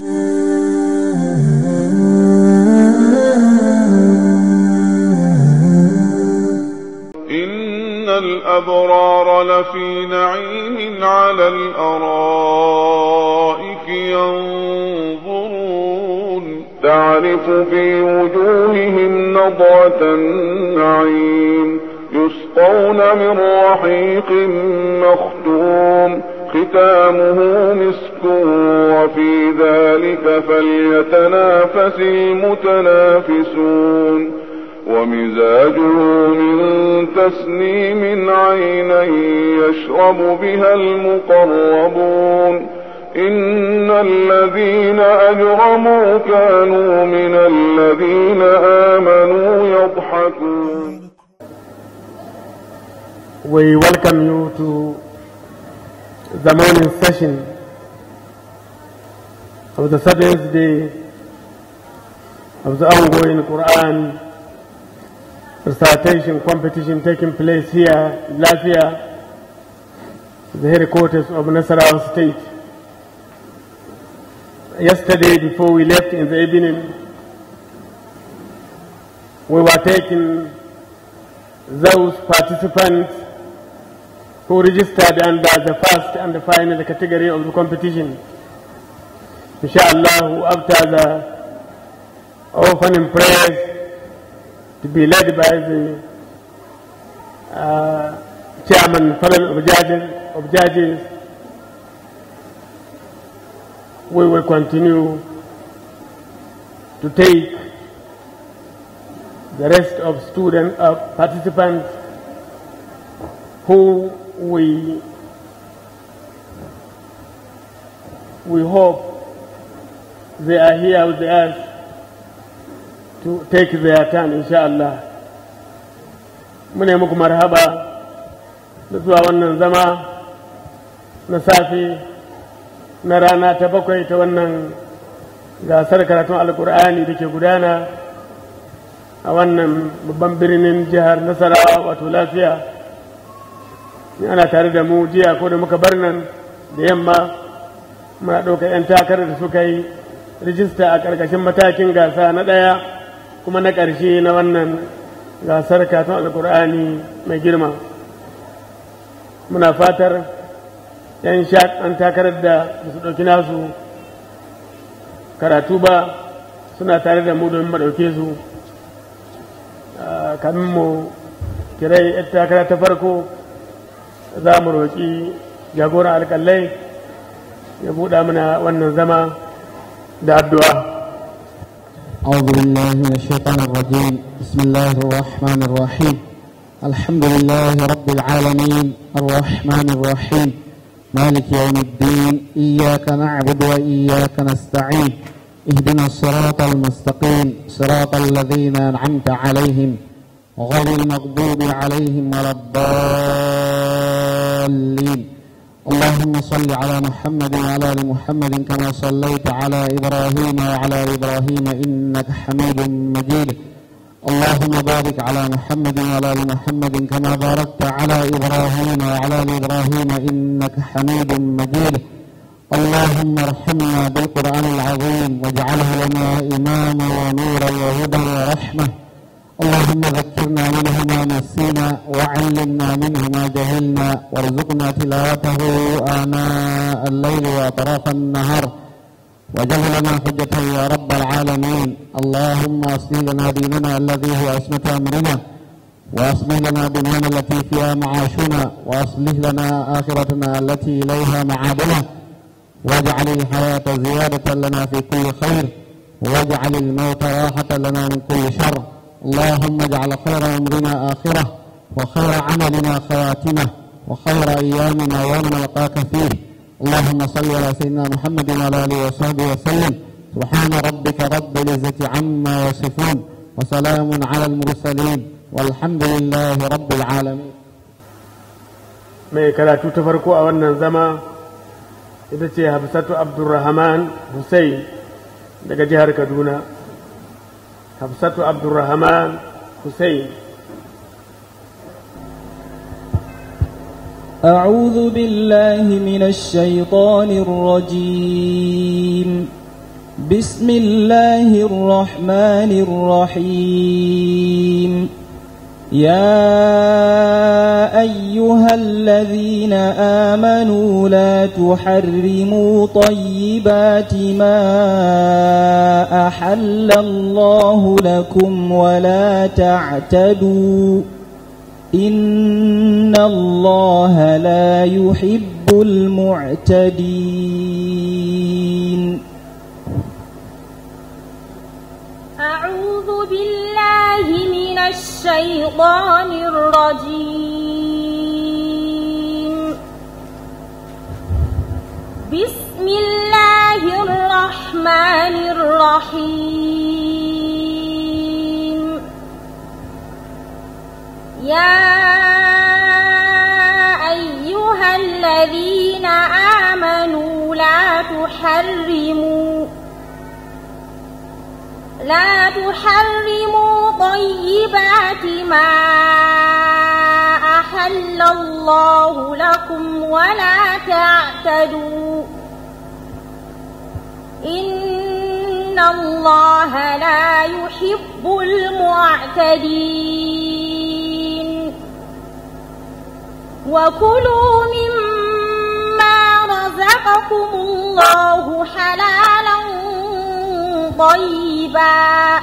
Thank you. We welcome you to the morning session of the seventh day of the ongoing Quran recitation competition taking place here last year, the headquarters of Nasarawa State. Yesterday, before we left in the evening, we were taking those participants who registered under the first and the final category of the competition. Inshallah, after the opening prayers to be led by the uh, chairman fellow of judges, of judges, we will continue to take the rest of students, of participants who we we hope they are here with us to take their turn inshallah mune muku marhaba da zuwa wannan zama na safe na rana ta bakwai ta wannan gasar karatun alkur'ani da ke gudana a wannan babban birnin jihar nasarawa wato lafiya in ana tare da mu jiya ko da muka bar nan da yamma muna ɗauka 'yan takarar da suka yi rijista a ƙarƙashin matakin gasa na ɗaya kuma na ƙarshe na wannan gasar katon alƙur'ani mai girma muna fatar 'yan an takarar da su ɗauki nasu karatu ba suna tare da mu domin maɗauke su ah, kamin mu kirai 'yan takara ta farko za mu roƙi jagoran alƙalai ya buɗa mana wannan zama da addu'a أعوذ بالله من الشيطان الرجيم بسم الله الرحمن الرحيم الحمد لله رب العالمين الرحمن الرحيم مالك يوم الدين إياك نعبد وإياك نستعين اهدنا الصراط المستقيم صراط الذين أنعمت عليهم غير المغضوب عليهم ولا الضالين الضالين اللهم صل على محمد وعلى ال محمد كما صليت على ابراهيم وعلى ال ابراهيم انك حميد مجيد اللهم بارك على محمد وعلى ال محمد كما باركت على ابراهيم وعلى ال ابراهيم انك حميد مجيد اللهم ارحمنا بالقران العظيم واجعله لنا اماما ونورا وهدى ورحمه اللهم منه ما نسينا وعلمنا منه ما جهلنا وارزقنا تلاوته آناء الليل وأطراف النهار واجعل لنا حجة يا رب العالمين اللهم أصلح لنا ديننا الذي هو عصمة أمرنا وأصلح لنا دنيانا التي فيها معاشنا وأصلح لنا آخرتنا التي إليها معادنا واجعل الحياة زيادة لنا في كل خير واجعل الموت راحة لنا من كل شر اللهم اجعل خير أمرنا آخرة وخير عملنا خواتمة وخير أيامنا يوم نلقاك فيه اللهم صل على سيدنا محمد وعلى آله وصحبه وسلم سبحان ربك رب العزة عما يصفون وسلام على المرسلين والحمد لله رب العالمين mai karatu ta farko a wannan zama ita عبد الرحمن حسين hussein daga jihar حفصة عبد الرحمن حسين أعوذ بالله من الشيطان الرجيم بسم الله الرحمن الرحيم يا ايها الذين امنوا لا تحرموا طيبات ما احل الله لكم ولا تعتدوا ان الله لا يحب المعتدين أعوذ بالله من الشيطان الرجيم بسم الله الرحمن الرحيم يا أيها الذين آمنوا لا تحرموا لا تحرموا طيبات ما أحل الله لكم ولا تعتدوا إن الله لا يحب المعتدين وكلوا مما رزقكم الله حلالا طيبا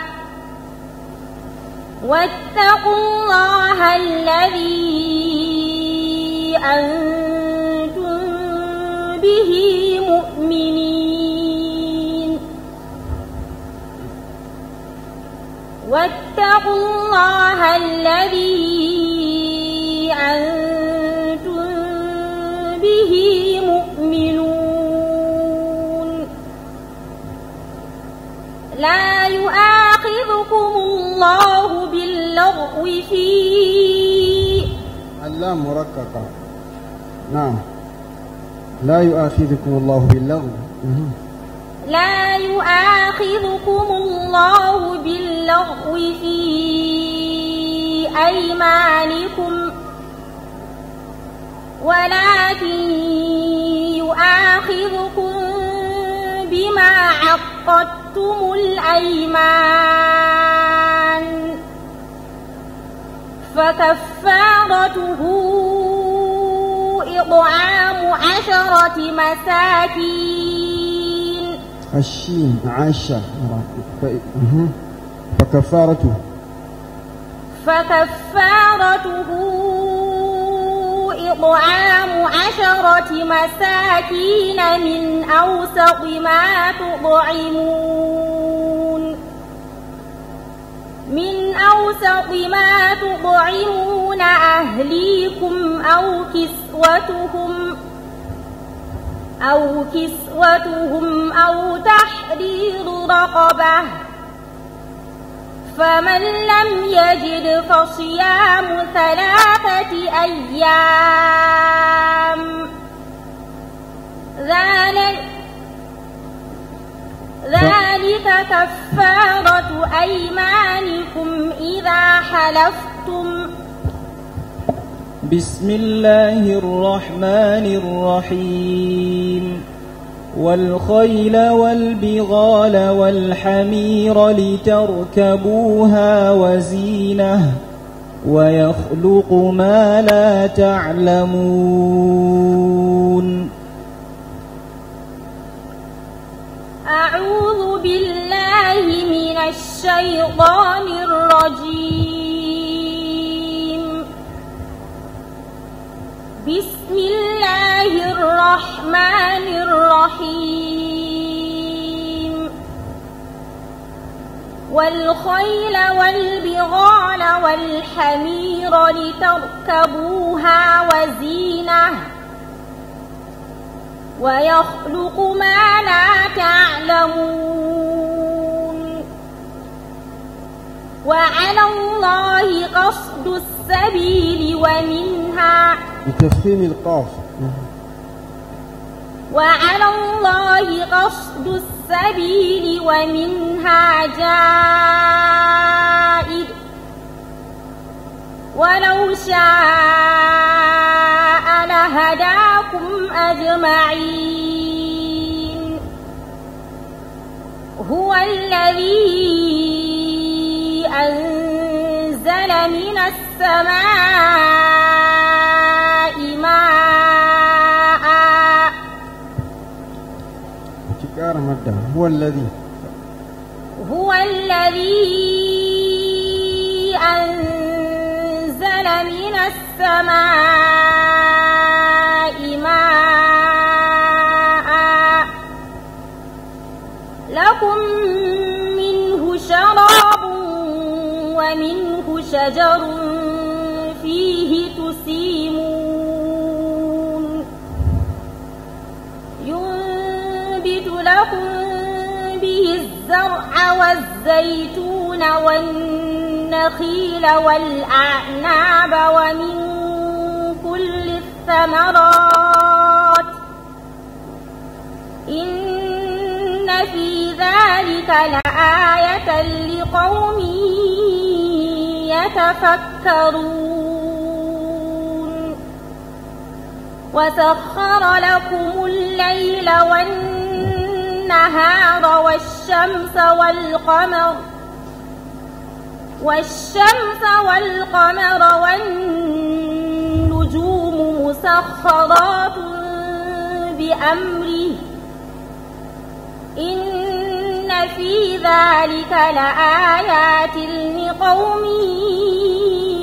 واتقوا الله الذي أنتم به مؤمنين واتقوا الله الذي أنتم به مؤمنون لا يؤاخذكم الله باللغو في اللام مرققة نعم لا يؤاخذكم الله باللغو لا يؤاخذكم الله باللغو في أيمانكم ولكن يؤاخذكم بما عقدتم عقدتم الأيمان فكفارته إطعام عشرة مساكين الشين عشرة طيب، فكفارته فكفارته طعام عشرة مساكين من أوسط ما تطعمون من أوسط ما تطعمون أهليكم أو كسوتهم أو كسوتهم أو تحرير رقبه فمن لم يجد فصيام ثلاثة أيام ذلك ذلك كفارة أيمانكم إذا حلفتم بسم الله الرحمن الرحيم والخيل والبغال والحمير لتركبوها وزينه ويخلق ما لا تعلمون أعوذ بالله من الشيطان الرجيم بسم الله الرحمن الرحيم والخيل والبغال والحمير لتركبوها وزينة ويخلق ما لا تعلمون وعلى الله قصد السبيل ومنها بتسليم القاف وعلى الله قصد السبيل ومنها جائر ولو شاء لهداكم أجمعين هو الذي أنزل من السماء ماء هو الذي هو الذي أنزل من السماء ماء لكم منه شراب منه شجر فيه تسيمون ينبت لكم به الزرع والزيتون والنخيل والأعناب ومن كل الثمرات إن في ذلك لآية لقوم يتفكرون وسخر لكم الليل والنهار والشمس والقمر والشمس والقمر والنجوم مسخرات بأمره إن إن في ذلك لآيات لقوم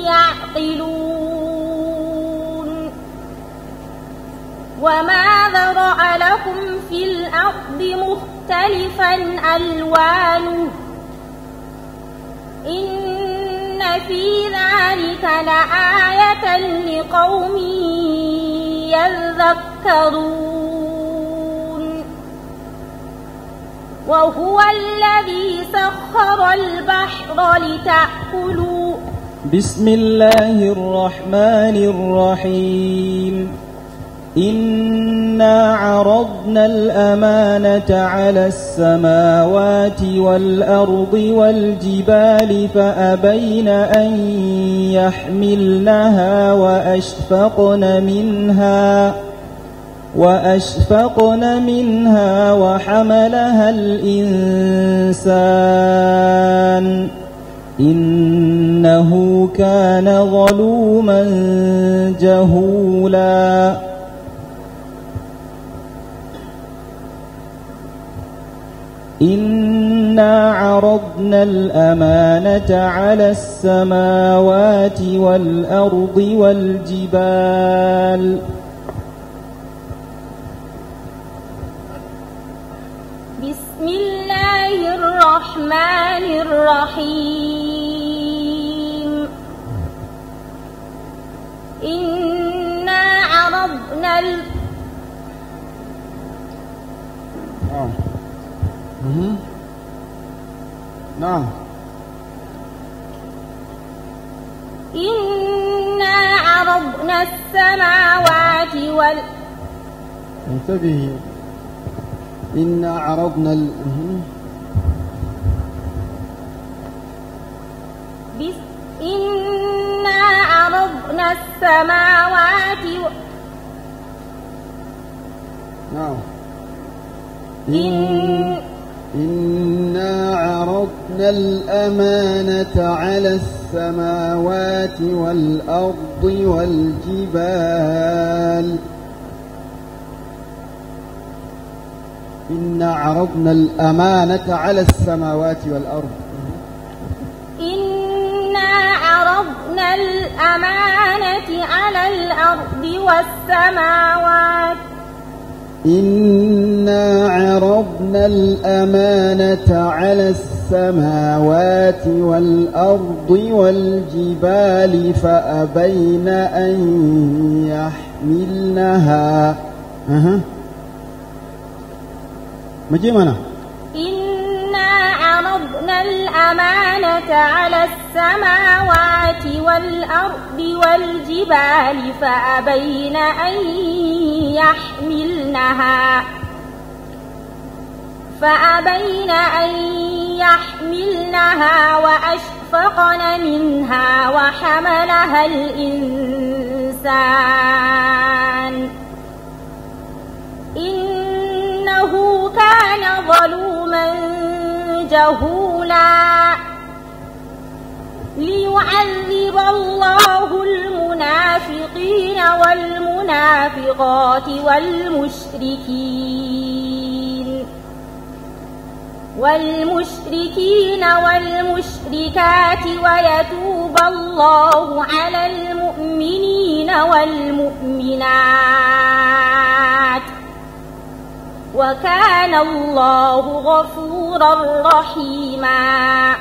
يعقلون وما ذرأ لكم في الأرض مختلفا ألوانه إن في ذلك لآية لقوم يذكرون وهو الذي سخر البحر لتأكلوا بسم الله الرحمن الرحيم إنا عرضنا الأمانة على السماوات والأرض والجبال فأبين أن يحملنها وأشفقن منها وأشفقن منها وأشفقن منها وحملها الإنسان إنه كان ظلوما جهولا إنا عرضنا الأمانة على السماوات والأرض والجبال والجبال الرحمن الرحيم إنا عرضنا ال... نعم نعم إنا عرضنا السماوات وال انتبهي إنا عرضنا ال... بس إنا عرضنا السماوات و... نعم إن... إنا عرضنا الأمانة على السماوات والأرض والجبال إنا عرضنا الأمانة على السماوات والأرض عرضنا الأمانة على الأرض والسماوات إنا عرضنا الأمانة على السماوات والأرض والجبال فأبين أن يحملنها أه. ما جي عرضنا الأمانة على السماوات والأرض والجبال فأبين أن يحملنها فأبين أن يحملنها وأشفقن منها وحملها الإنسان إنه كان ظلوما جهولا ليعذب الله المنافقين والمنافقات والمشركين والمشركين والمشركات ويتوب الله على المؤمنين والمؤمنات وكان الله غفورا رحيما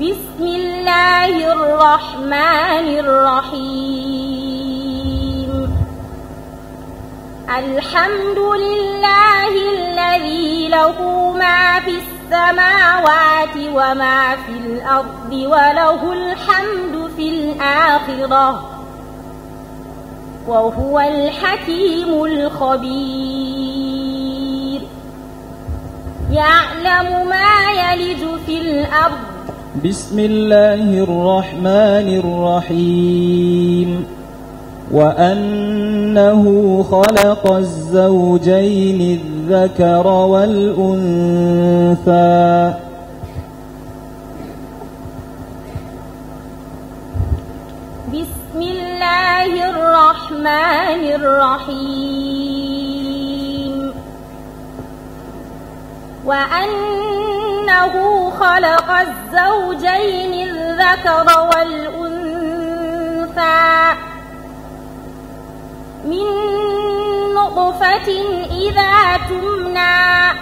بسم الله الرحمن الرحيم الحمد لله الذي له ما في السماوات وما في الأرض وله الحمد في الآخرة وهو الحكيم الخبير يعلم ما يلج في الأرض بسم الله الرحمن الرحيم وأنه خلق الزوجين الذكر والأنثى الرحمن الرحيم وأنه خلق الزوجين الذكر والأنثى من نطفة إذا تمنى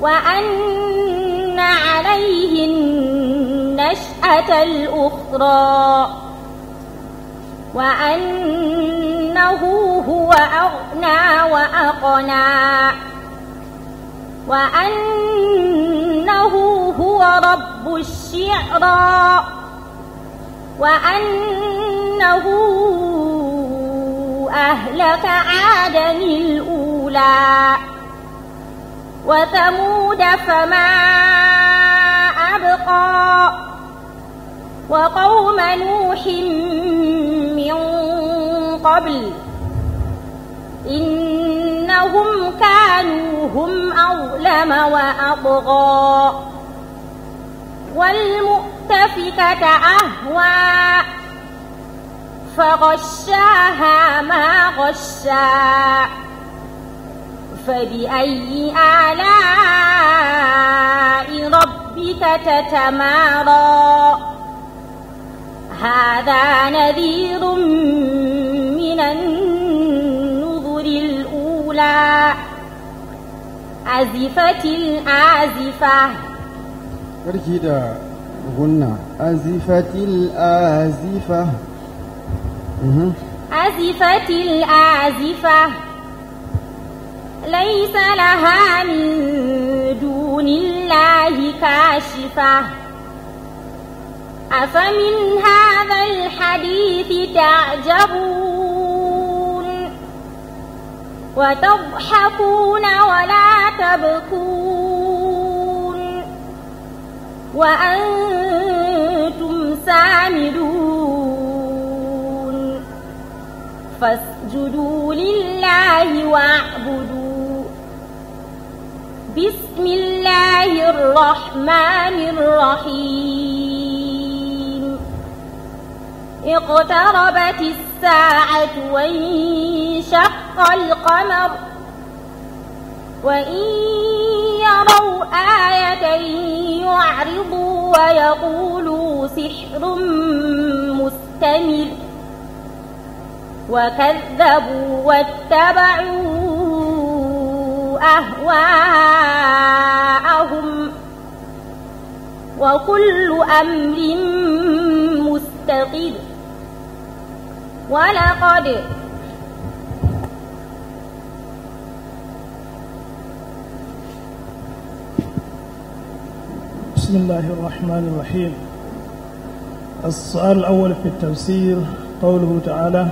وأن عليه النشأة الأخرى وأنه هو أغنى وأقنى وأنه هو رب الشعرى وأنه أهلك عادا الأولى وثمود فما أبقى وقوم نوح من قبل إنهم كانوا هم أظلم وأطغى والمؤتفكة أهوى فغشاها ما غشا فبأي آلاء ربك تتمارى هذا نذير من النذر الأولى أزفت الآزفة كده غنى أزفت الآزفة أزفت الآزفة ليس لها من دون الله كاشفة أفمن هذا هذا الحديث تعجبون وتضحكون ولا تبكون وأنتم سامدون فاسجدوا لله واعبدوا بسم الله الرحمن الرحيم اقتربت الساعة وانشق القمر وإن يروا آية يعرضوا ويقولوا سحر مستمر وكذبوا واتبعوا أهواءهم وكل أمر مستقر ولقد بسم الله الرحمن الرحيم السؤال الأول في التفسير قوله تعالى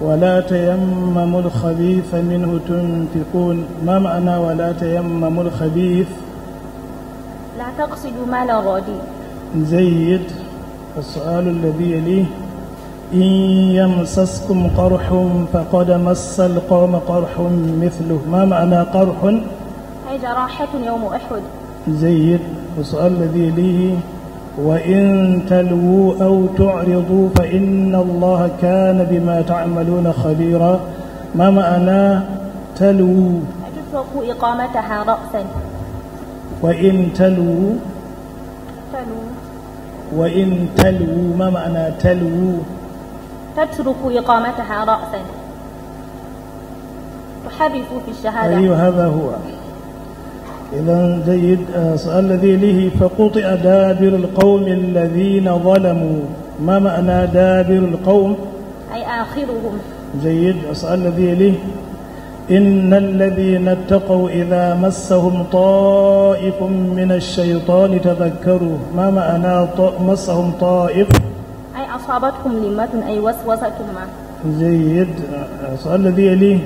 ولا تيمموا الخبيث منه تنفقون ما معنى ولا تيمموا الخبيث لا تقصدوا مال لا غادي زيد السؤال الذي يليه إن يمسسكم قرح فقد مس القوم قرح مثله ما معنى قرح أي جراحة يوم أحد جيد والسؤال الذي ليه وإن تلووا أو تعرضوا فإن الله كان بما تعملون خبيرا ما معنى تلووا أتتركوا إقامتها رأسا وإن تلووا تلووا وإن تلووا ما معنى تلووا تترك إقامتها رأسا تحرف في الشهادة أيوه هذا هو إذا جيد الذي له فقطع دابر القوم الذين ظلموا ما معنى دابر القوم أي آخرهم جيد الذي له إن الذين اتقوا إذا مسهم طائف من الشيطان تذكروا ما معنى مسهم طائف أي أصابتكم لمة أي وسوسة ما جيد السؤال الذي يليه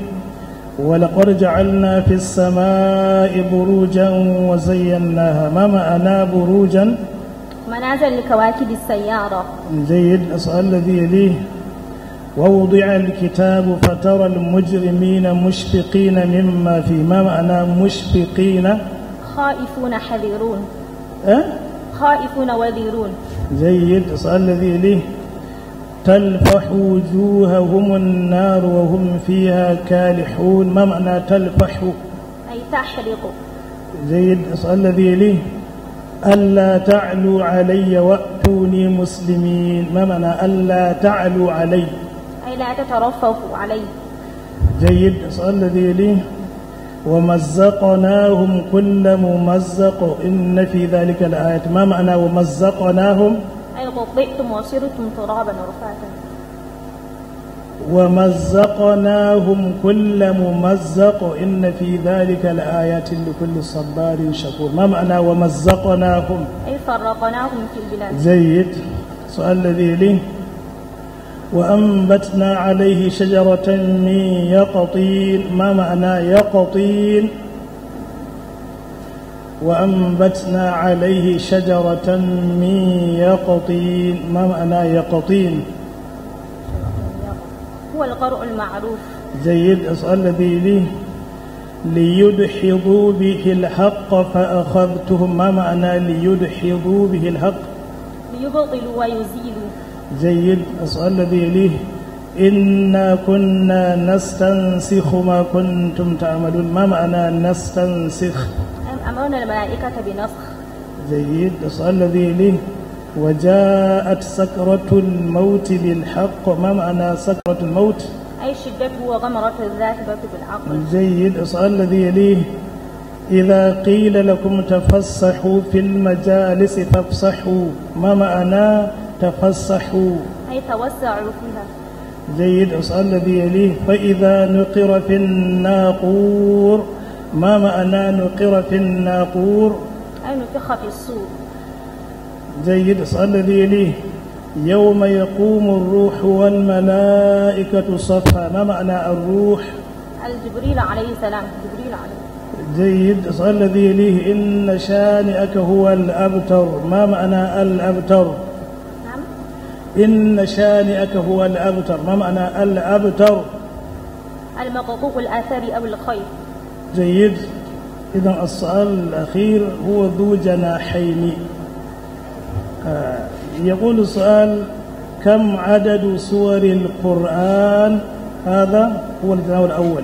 ولقد جعلنا في السماء بروجا وزيناها ما معنى بروجا منازل لكواكب السيارة جيد السؤال الذي يليه ووضع الكتاب فترى المجرمين مشفقين مما فيه ما معنى مشفقين خائفون حذرون أه؟ خائفون وذيرون جيد اسأل الذي إليه تلفح وجوههم النار وهم فيها كالحون ما معنى تلفح أي تحرق جيد اسأل الذي إليه ألا تعلوا علي وأتوني مسلمين ما معنى ألا تعلوا علي أي لا تترفقوا علي جيد اسأل الذي إليه ومزقناهم كل ممزق إن في ذلك الآية ما معنى ومزقناهم أي وضئتم وصرتم ترابا ورفاتا ومزقناهم كل ممزق إن في ذلك لآيات لكل صبار شكور ما معنى ومزقناهم أي فرقناهم في البلاد زيد سؤال الذي لي وأنبتنا عليه شجرة من يقطين ما معنى يقطين وأنبتنا عليه شجرة من يقطين ما معنى يقطين هو القرء المعروف جيد الذي لي ليدحضوا به الحق فأخذتهم ما معنى ليدحضوا به الحق ليبطلوا ويزيلوا جيد السؤال الذي يليه إنا كنا نستنسخ ما كنتم تعملون ما معنى نستنسخ أمرنا الملائكة بنسخ جيد السؤال الذي يليه وجاءت سكرة الموت بالحق ما معنى سكرة الموت أي شدة وغمرة الذاهبة بالعقل جيد السؤال الذي يليه إذا قيل لكم تفسحوا في المجالس فافسحوا ما معنى تفصحوا أي توسعوا فيها جيد اسأل الذي يليه فإذا نقر في الناقور ما معنى نقر في الناقور أي نفخ في الصور جيد اسأل الذي يليه يوم يقوم الروح والملائكة صفا ما معنى الروح الجبريل عليه السلام جبريل عليه جيد اسأل الذي يليه إن شانئك هو الأبتر ما معنى الأبتر إن شانئك هو الأبتر ما معنى الأبتر المقوق الآثار أو الخير جيد إذا السؤال الأخير هو ذو جناحين آه يقول السؤال كم عدد سور القرآن هذا هو الجناح الأول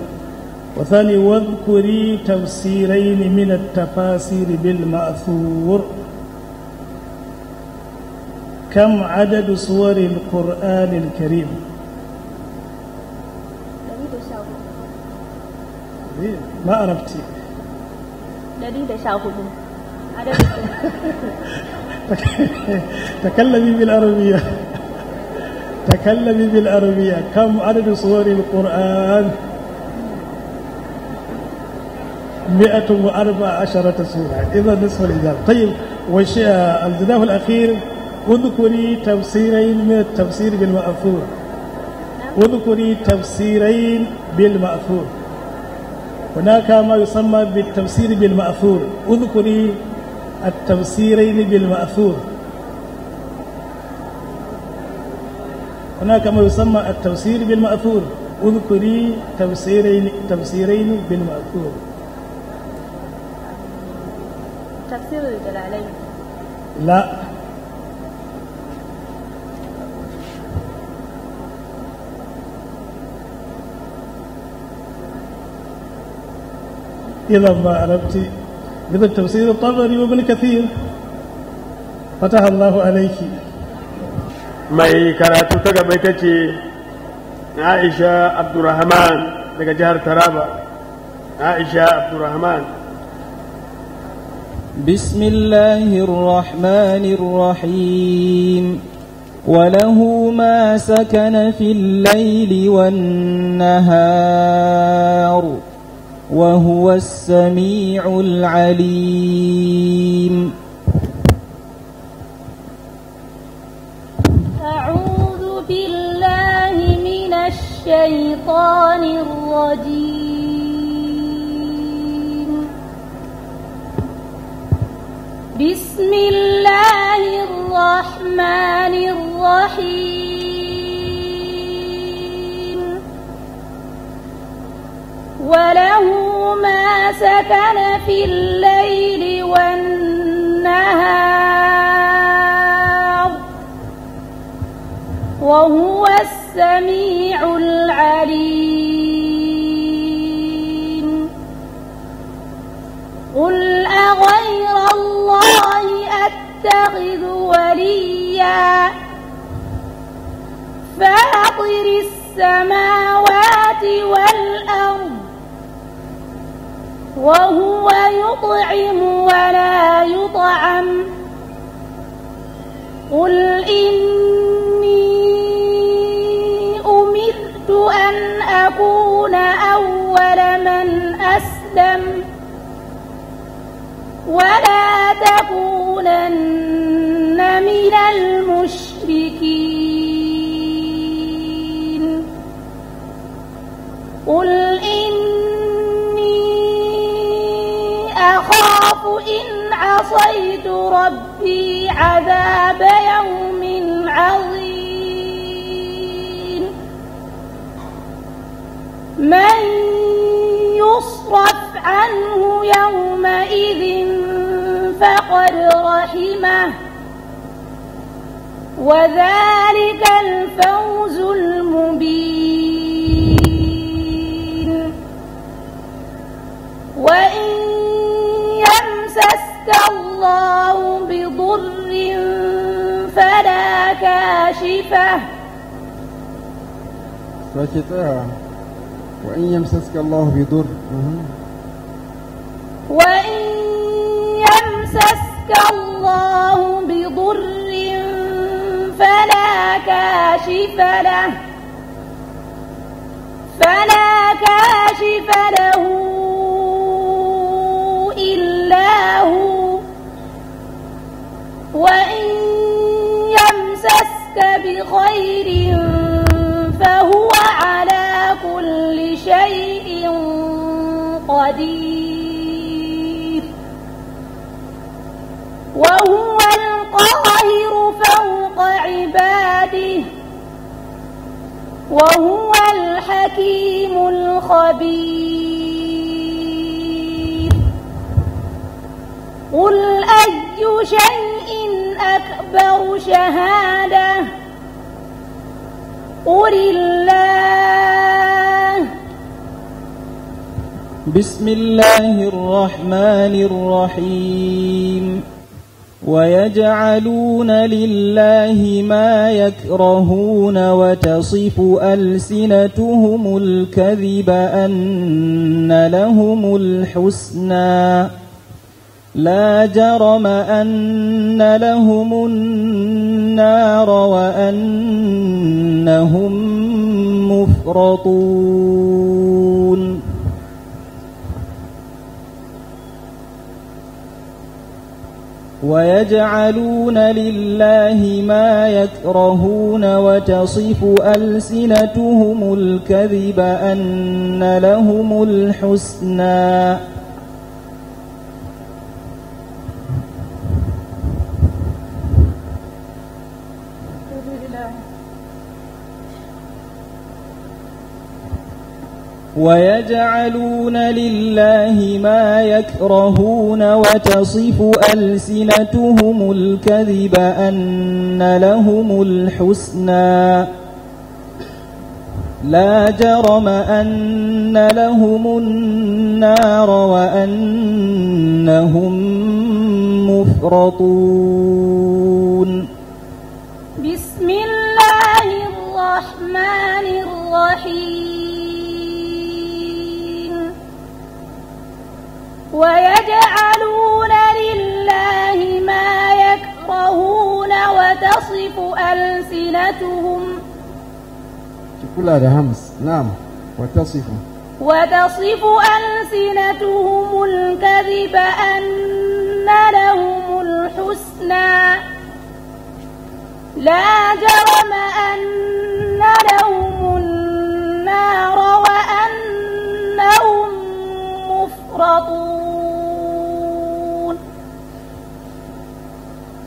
وثاني واذكري تفسيرين من التفاسير بالمأثور كم عدد سور القرآن الكريم ما عرفتي تكلمي بالعربية تكلمي بالعربية كم عدد سور القرآن مئة وأربع عشرة سورة إذا نصف الإجابة طيب والشيء الجداول الأخير واذكري تفسيرين من التفسير بالمأثور واذكري تفسيرين بالمأثور هناك ما يسمى بالتفسير بالمأثور اذكري التفسيرين بالمأثور هناك ما يسمى التفسير بالمأثور اذكري تفسيرين تفسيرين بالمأثور تفسير الجلالين لا إذا ما أردت مثل تفسير الطبري وابن كثير فتح الله عليك ما هي كراتو gaba عائشة عبد الرحمن لك جهر ترابة عائشة عبد الرحمن بسم الله الرحمن الرحيم وله ما سكن في الليل والنهار وهو السميع العليم أعوذ بالله من الشيطان الرجيم بسم الله الرحمن الرحيم وله ما سكن في الليل والنهار وهو السميع العليم قل أغير الله أتخذ وليا فاطر السماوات والأرض وهو يطعم ولا يطعم قل إني أمرت أن أكون أول من أسلم ولا تكونن من المشركين قل إني إن عصيت ربي عذاب يوم عظيم من يصرف عنه يومئذ فقد رحمه وذلك الفوز المبين وإن يمسسك الله بضر فلا كاشفه ساكتة وإن يمسسك الله بضر وإن يمسسك الله بضر فلا كاشف له فلا كاشف له وإن يمسسك بخير فهو على كل شيء قدير وهو القاهر فوق عباده وهو الحكيم الخبير قل أي شيء أكبر شهادة قل الله بسم الله الرحمن الرحيم ويجعلون لله ما يكرهون وتصف ألسنتهم الكذب أن لهم الحسنى لا جرم أن لهم النار وأنهم مفرطون ويجعلون لله ما يكرهون وتصف ألسنتهم الكذب أن لهم الحسنى ويجعلون لله ما يكرهون وتصف ألسنتهم الكذب أن لهم الحسنى لا جرم أن لهم النار وأنهم مفرطون بسم الله الرحمن الرحيم ويجعلون لله ما يكرهون وتصف ألسنتهم هذا همس نعم وتصف وتصف ألسنتهم الكذب أن لهم الحسنى لا جرم أن لهم يفرطون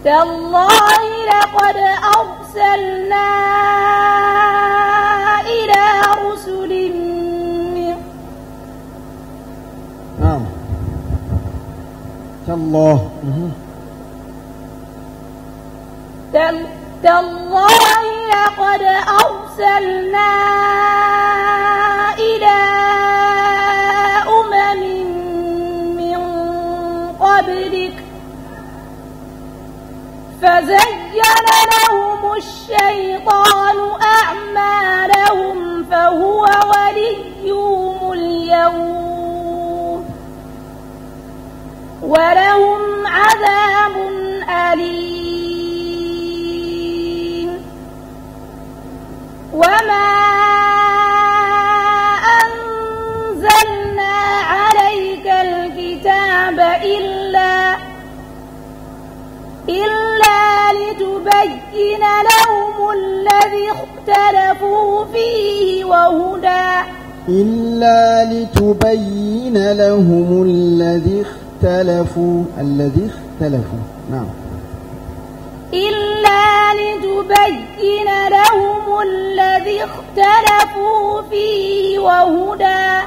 تالله لقد أرسلنا إلى رسل من نعم تالله تالله لقد أرسلنا إلى قبلك فزين لهم الشيطان أعمالهم فهو وليهم اليوم ولهم عذاب أليم وما أنزلنا عليك الكتاب إلا إلا لتبين لهم الذي اختلفوا فيه وهدى إلا لتبين لهم الذي اختلفوا الذي اختلفوا نعم إلا لتبين لهم الذي اختلفوا فيه وهدى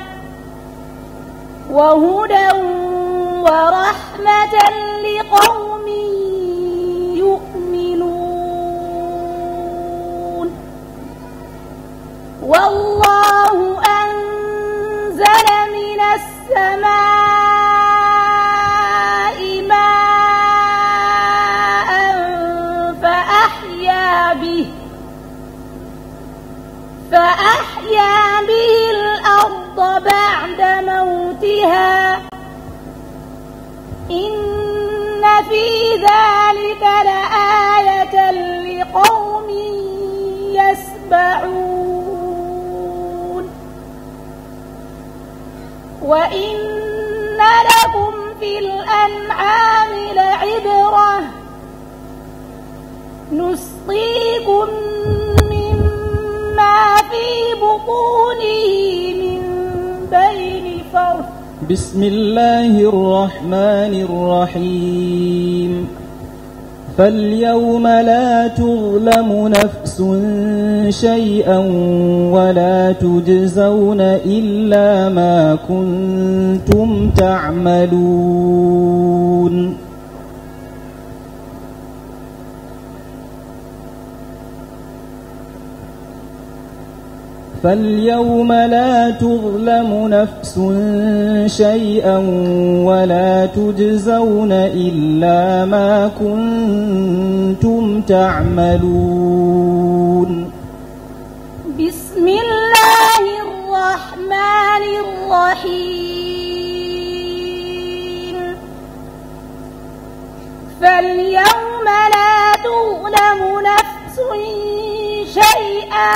وهدى ورحمة لقوم يؤمنون والله أنزل من السماء ماء فأحيا به فأحيا به في ذلك لآية لقوم يسمعون وإن لكم في الأنعام لعبرة نسقيكم مما في بطونه بسم الله الرحمن الرحيم فاليوم لا تظلم نفس شيئا ولا تجزون إلا ما كنتم تعملون فاليوم لا تظلم نفس شيئا ولا تجزون إلا ما كنتم تعملون بسم الله الرحمن الرحيم فاليوم لا تظلم نفس شيئا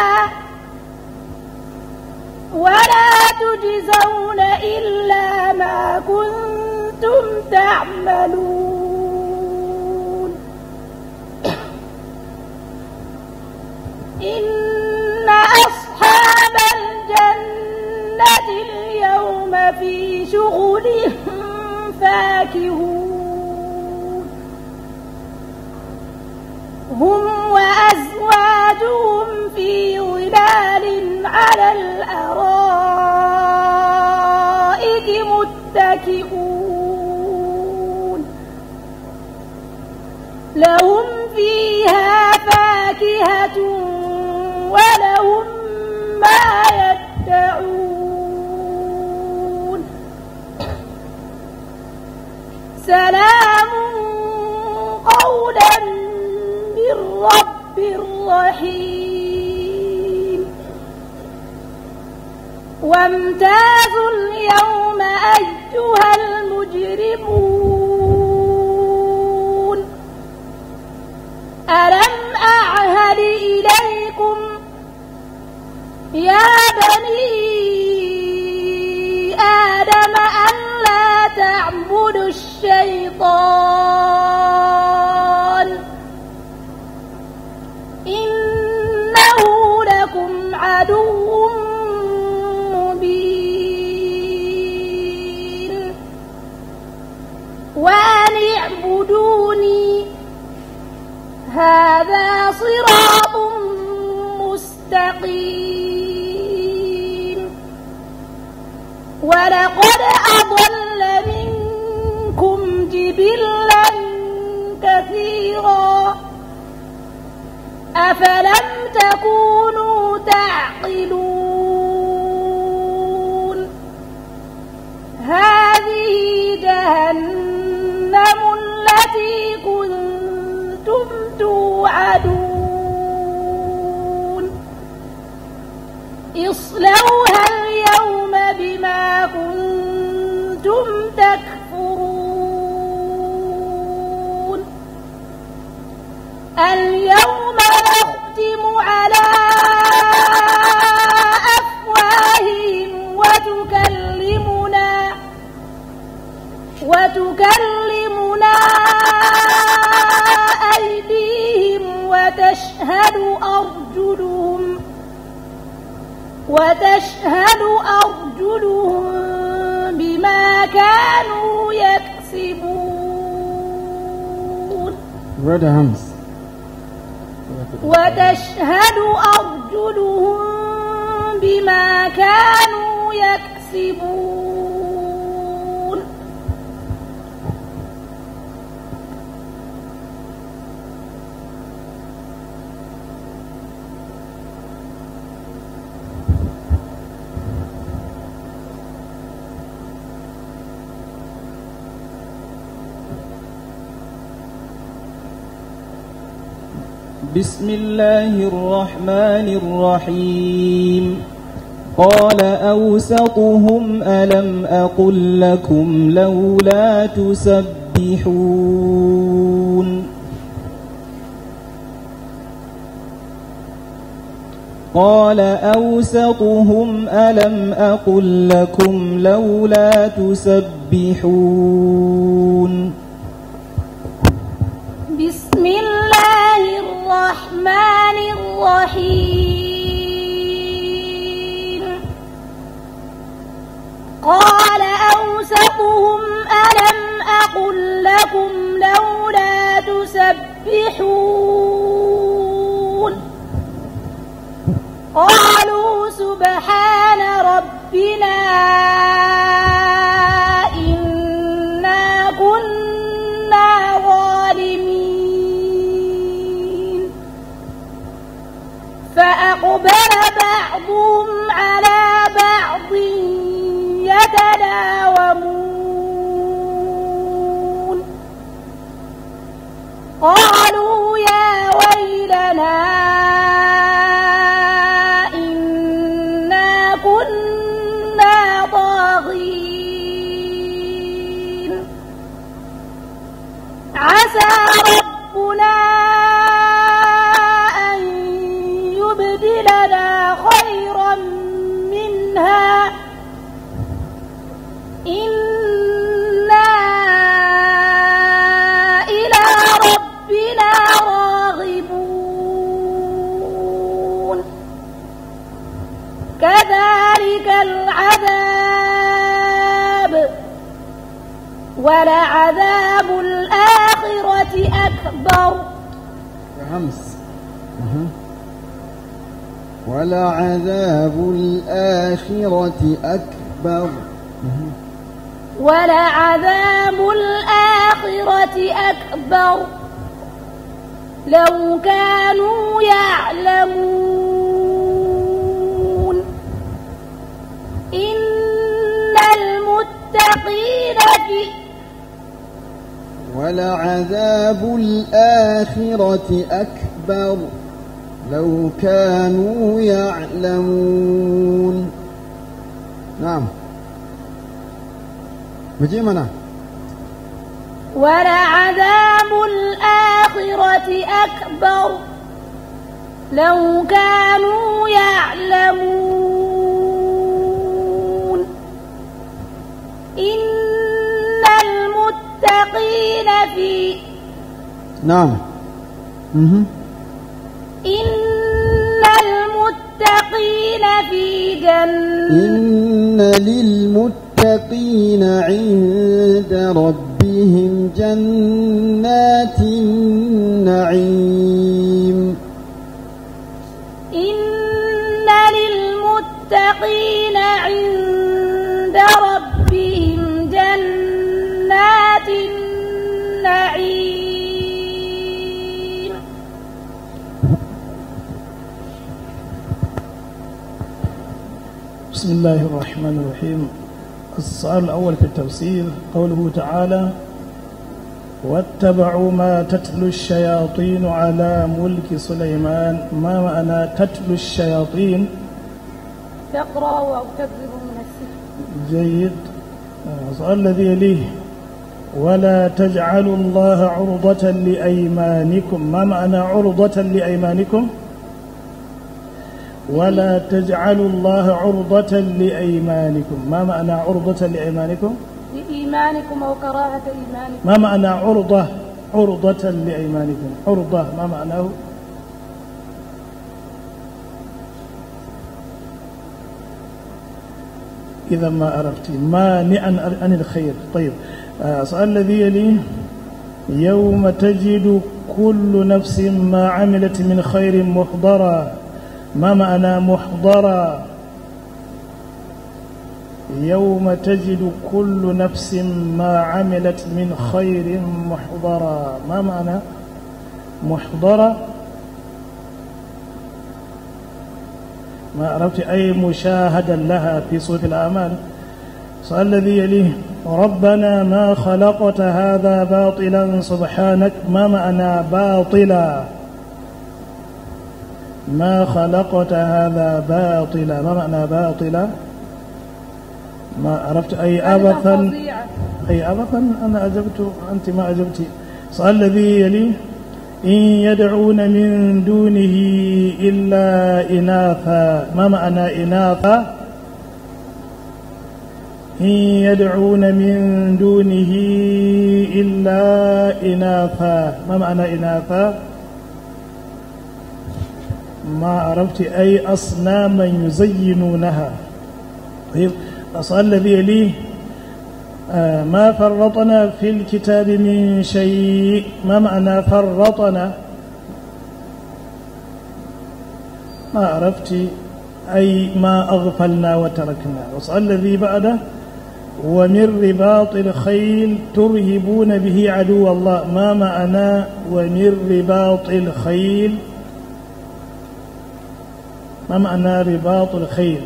ولا تجزون إلا ما كنتم تعملون إن أصحاب الجنة اليوم في شغل فاكهون هم وأزواجهم في ولاد على الأرائك متكئون لهم فيها فاكهة ولهم ما يدعون سلام قولا من رب رحيم وامتازوا اليوم أيها المجرمون ألم أعهد إليكم يا بني آدم أن لا تعبدوا الشيطان إنه لكم عدو وأن اعبدوني هذا صراط مستقيم ولقد أضل منكم جبلا كثيرا أفلم تكونوا تعقلون هذه جهنم توعدون اصلوها اليوم بما كنتم تكفرون اليوم نختم على أفواههم وتكلمنا وتكلمنا أيديهم وتشهد أرجلهم وتشهد أرجلهم بما كانوا يكسبون Brother Hans. وتشهد أرجلهم بما كانوا يكسبون بسم الله الرحمن الرحيم قال أوسطهم ألم أقل لكم لولا تسبحون قال أوسطهم ألم أقل لكم لولا تسبحون الرحمن الرحيم قال أوسقهم ألم أقل لكم لولا تسبحون قالوا سبحان ربنا أقبل بعضهم على بعض يتداومون قالوا يا ويلنا إنا كنا طاغين عسى ولعذاب الآخرة أكبر همس ولعذاب الآخرة أكبر ولعذاب الآخرة أكبر لو كانوا يعلمون إن المتقين في ولعذاب الآخرة أكبر لو كانوا يعلمون نعم منا ولعذاب الآخرة أكبر لو كانوا يعلمون إن للمتقين في نعم مه. إن المتقين في جنة إن للمتقين عند ربهم جنات النعيم إن للمتقين عند بسم الله الرحمن الرحيم السؤال الأول في التفسير قوله تعالى واتبعوا ما تتلو الشياطين على ملك سليمان ما معنى تتلو الشياطين تقرأ أو تكذب من السحر جيد السؤال الذي يليه ولا تجعلوا الله عرضة لأيمانكم ما معنى عرضة لأيمانكم؟ ولا تجعلوا الله عرضة لأيمانكم ما معنى عرضة لأيمانكم لإيمانكم أو كراهة إيمانكم ما معنى عرضة عرضة لأيمانكم عرضة ما معناه إذا ما أردت مانعا عن الخير طيب السؤال آه، الذي يليه يوم تجد كل نفس ما عملت من خير محضرا ما معنى محضرا يوم تجد كل نفس ما عملت من خير محضرا ما معنى محضرا ما عرفت أي مشاهدا لها في صوت الأعمال سؤال الذي يليه ربنا ما خلقت هذا باطلا سبحانك ما معنى باطلا ما خلقت هذا باطلا ما معنى باطلا ما عرفت أي أبثا أي أبثا أنا أجبت أنت ما أجبت سؤال الذي يليه إن يدعون من دونه إلا إناثا ما معنى إناثا إن يدعون من دونه إلا إناثا ما معنى إناثا ما عرفت أي أصناما يزينونها طيب السؤال الذي يليه آه ما فرطنا في الكتاب من شيء ما معنى فرطنا ما عرفت أي ما أغفلنا وتركنا السؤال الذي بعده ومن رباط الخيل ترهبون به عدو الله ما معنى ومن رباط الخيل ما معنى رباط الخيل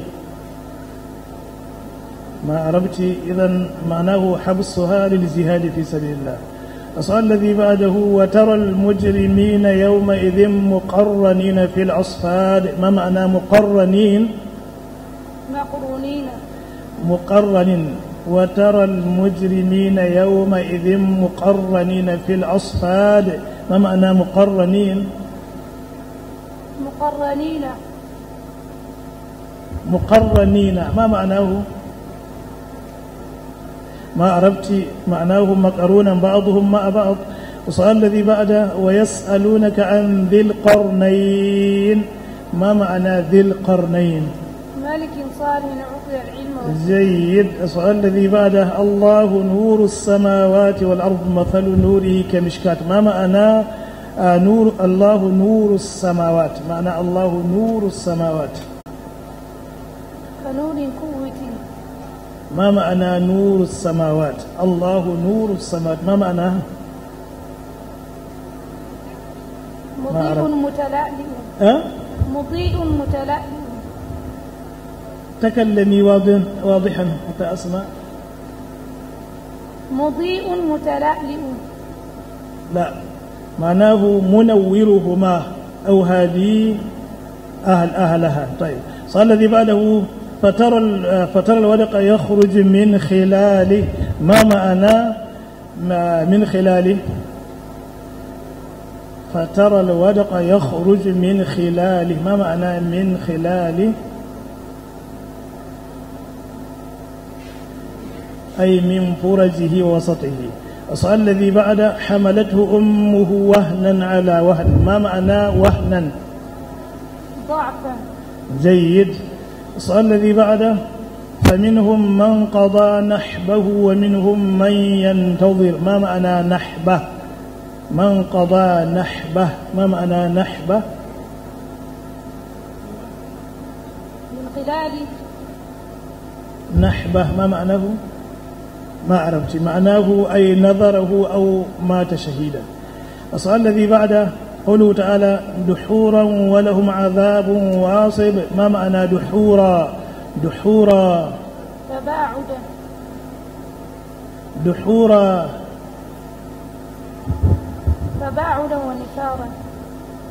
ما عرفت إذا معناه حبسها للجهاد في سبيل الله السؤال الذي بعده وترى المجرمين يومئذ مقرنين في الأصفاد ما معنى مقرنين مقرنين مقرنين وترى المجرمين يومئذ مقرنين في الأصفاد ما معنى مقرنين مقرنين مقرنين ما معناه ما عرفت معناه مقرونا بعضهم مع بعض وصال الذي بعده ويسألونك عن ذي القرنين ما معنى ذي القرنين مالك من عقل العلم جيد السؤال الذي بعده الله نور السماوات والأرض مثل نوره كمشكات ما معنى آه، نور الله نور السماوات معنى الله نور السماوات نور قوتي ما معنى نور السماوات الله نور السماوات ما معنى مضيء متلألئ أه؟ مضيء متلألئ تكلمي واضحا حتى أسمع مضيء متلألئ لا معناه منورهما أو هذه أهل أهلها طيب صار الذي بعده فترى فترى الورق يخرج من خلاله ما معنى من خلاله فترى الورق يخرج من خلاله ما معنى من خلاله أي من فرجه وسطه السؤال الذي بعد حملته أمه وهنا على وهن ما معنى وهنا ضعفا جيد السؤال الذي بعده فمنهم من قضى نحبه ومنهم من ينتظر ما معنى نحبه من قضى نحبه ما معنى نحبه انقلابي نحبه ما معناه ما عرفت معناه أي نظره أو مات شهيدا السؤال الذي بعده قوله تعالى دحورا ولهم عذاب واصب ما معنى دحورا دحورا تباعدا دحورا تباعدا ونفارا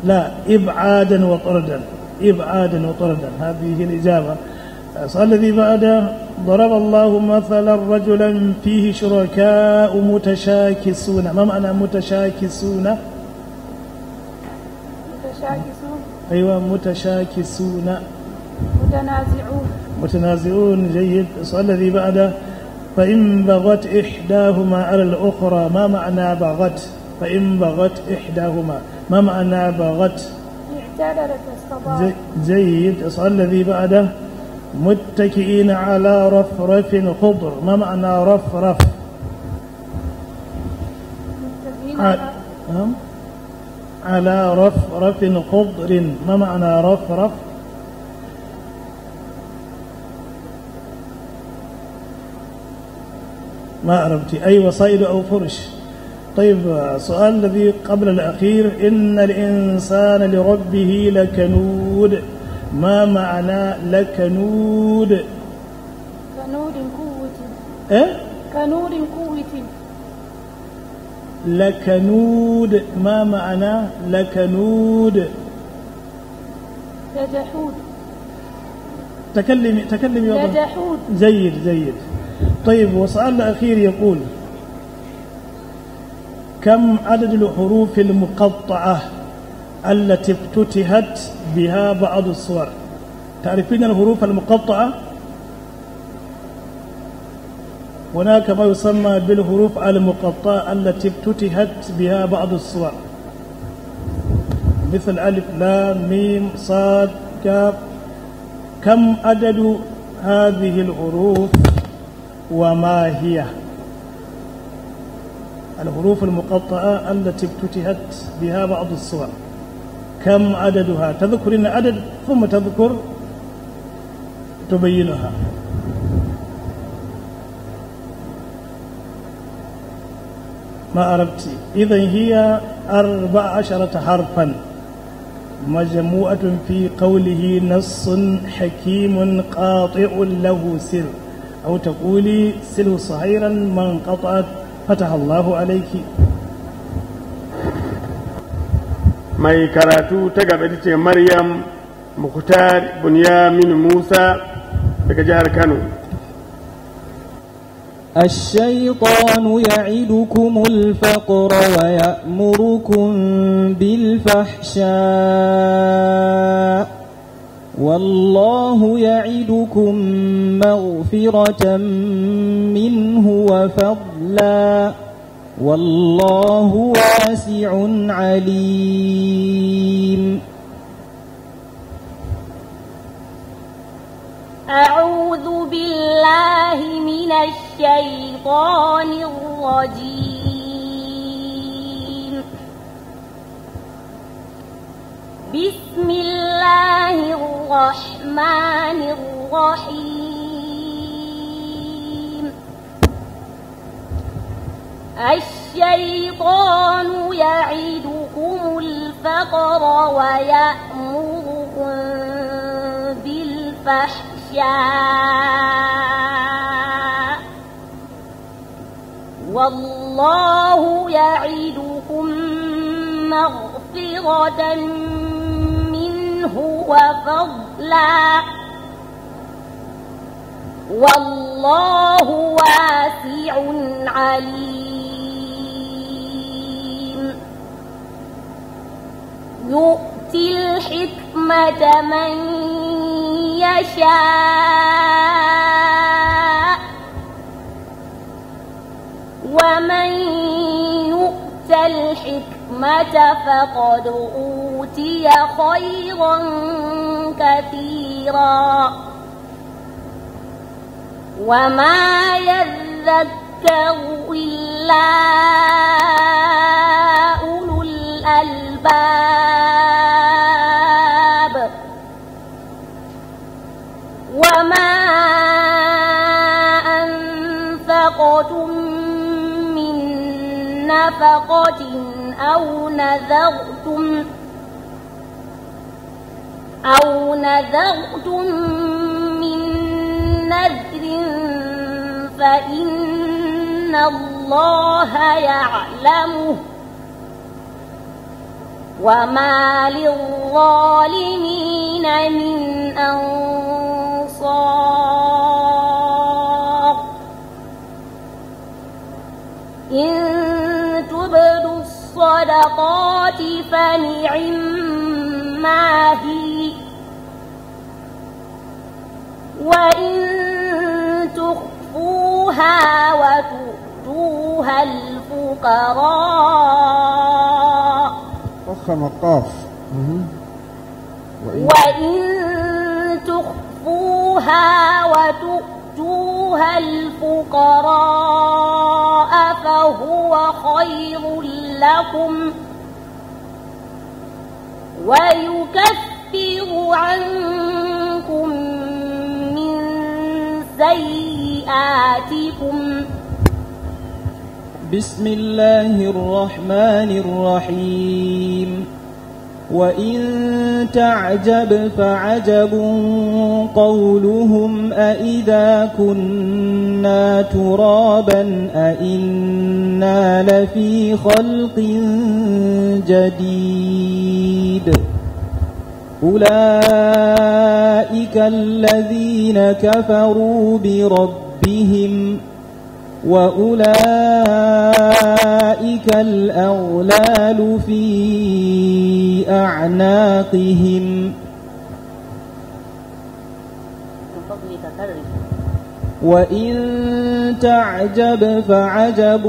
لا إبعادا وطردا إبعادا وطردا هذه الإجابة الذي بعده ضرب الله مثلا رجلا فيه شركاء متشاكسون ما معنى متشاكسون؟ أيوة متشاكسون متنازعون متنازعون جيد السؤال الذي بعده فإن بغت إحداهما على الأخرى ما معنى بغت فإن بغت إحداهما ما معنى بغت اعتدلت جيد السؤال الذي بعده متكئين على رفرف خضر ما معنى رفرف متكئين على نعم. على رفرف خضر ما معنى رفرف ما أعرفتي أي وصيد أو فرش طيب سؤال الذي قبل الأخير إن الإنسان لربه لكنود ما معنى لكنود كنود قوة إيه؟ كنود قوة لكنود ما معنى لكنود لجحود تكلمي تكلمي لجحود جيد جيد طيب وسؤال الأخير يقول كم عدد الحروف المقطعة التي افتتحت بها بعض الصور تعرفين الحروف المقطعة هناك ما يسمى بالحروف المقطعة التي افتتحت بها بعض الصور مثل ألف لام ميم صاد كاف كم عدد هذه الحروف وما هي الحروف المقطعة التي افتتحت بها بعض الصور كم عددها تذكرين عدد ثم تذكر تبينها ما عرفت إذا هي أربع عشرة حرفا مجموعة في قوله نص حكيم قاطع له سر أو تقولي سله صهيرا من قطعت فتح الله عليك mai karatu ta gaba ita ce maryam muktar bunyamin musa daga jihar kano الشيطان يعدكم الفقر ويأمركم بالفحشاء والله يعدكم مغفرة منه وفضلا والله واسع عليم أعوذ بالله من الشيطان الرجيم بسم الله الرحمن الرحيم الشيطان يعدكم الفقر ويأمركم بالفحش يشاء والله يعدكم مغفرة منه وفضلا والله واسع عليم يؤتي الحكمة من يشاء ومن يؤت الحكمة فقد أوتي خيرا كثيرا وما يذكر إلا أولو الألباب وما أنفقتم من نفقة أو نذرتم أو نذرتم من نذر فإن الله يعلمه وما للظالمين من أنصار إن تبدوا الصدقات فنعما هي وإن تخفوها وتؤتوها الفقراء فخم قاف وإن, وإن تخفوها وتؤتوها الفقراء فهو خير لكم ويكفر عنكم من سيئاتكم بسم الله الرحمن الرحيم وإن تعجب فعجب قولهم أإذا كنا ترابا أإنا لفي خلق جديد أولئك الذين كفروا بربهم ۖ وأولئك الأغلال في أعناقهم وإن تعجب فعجب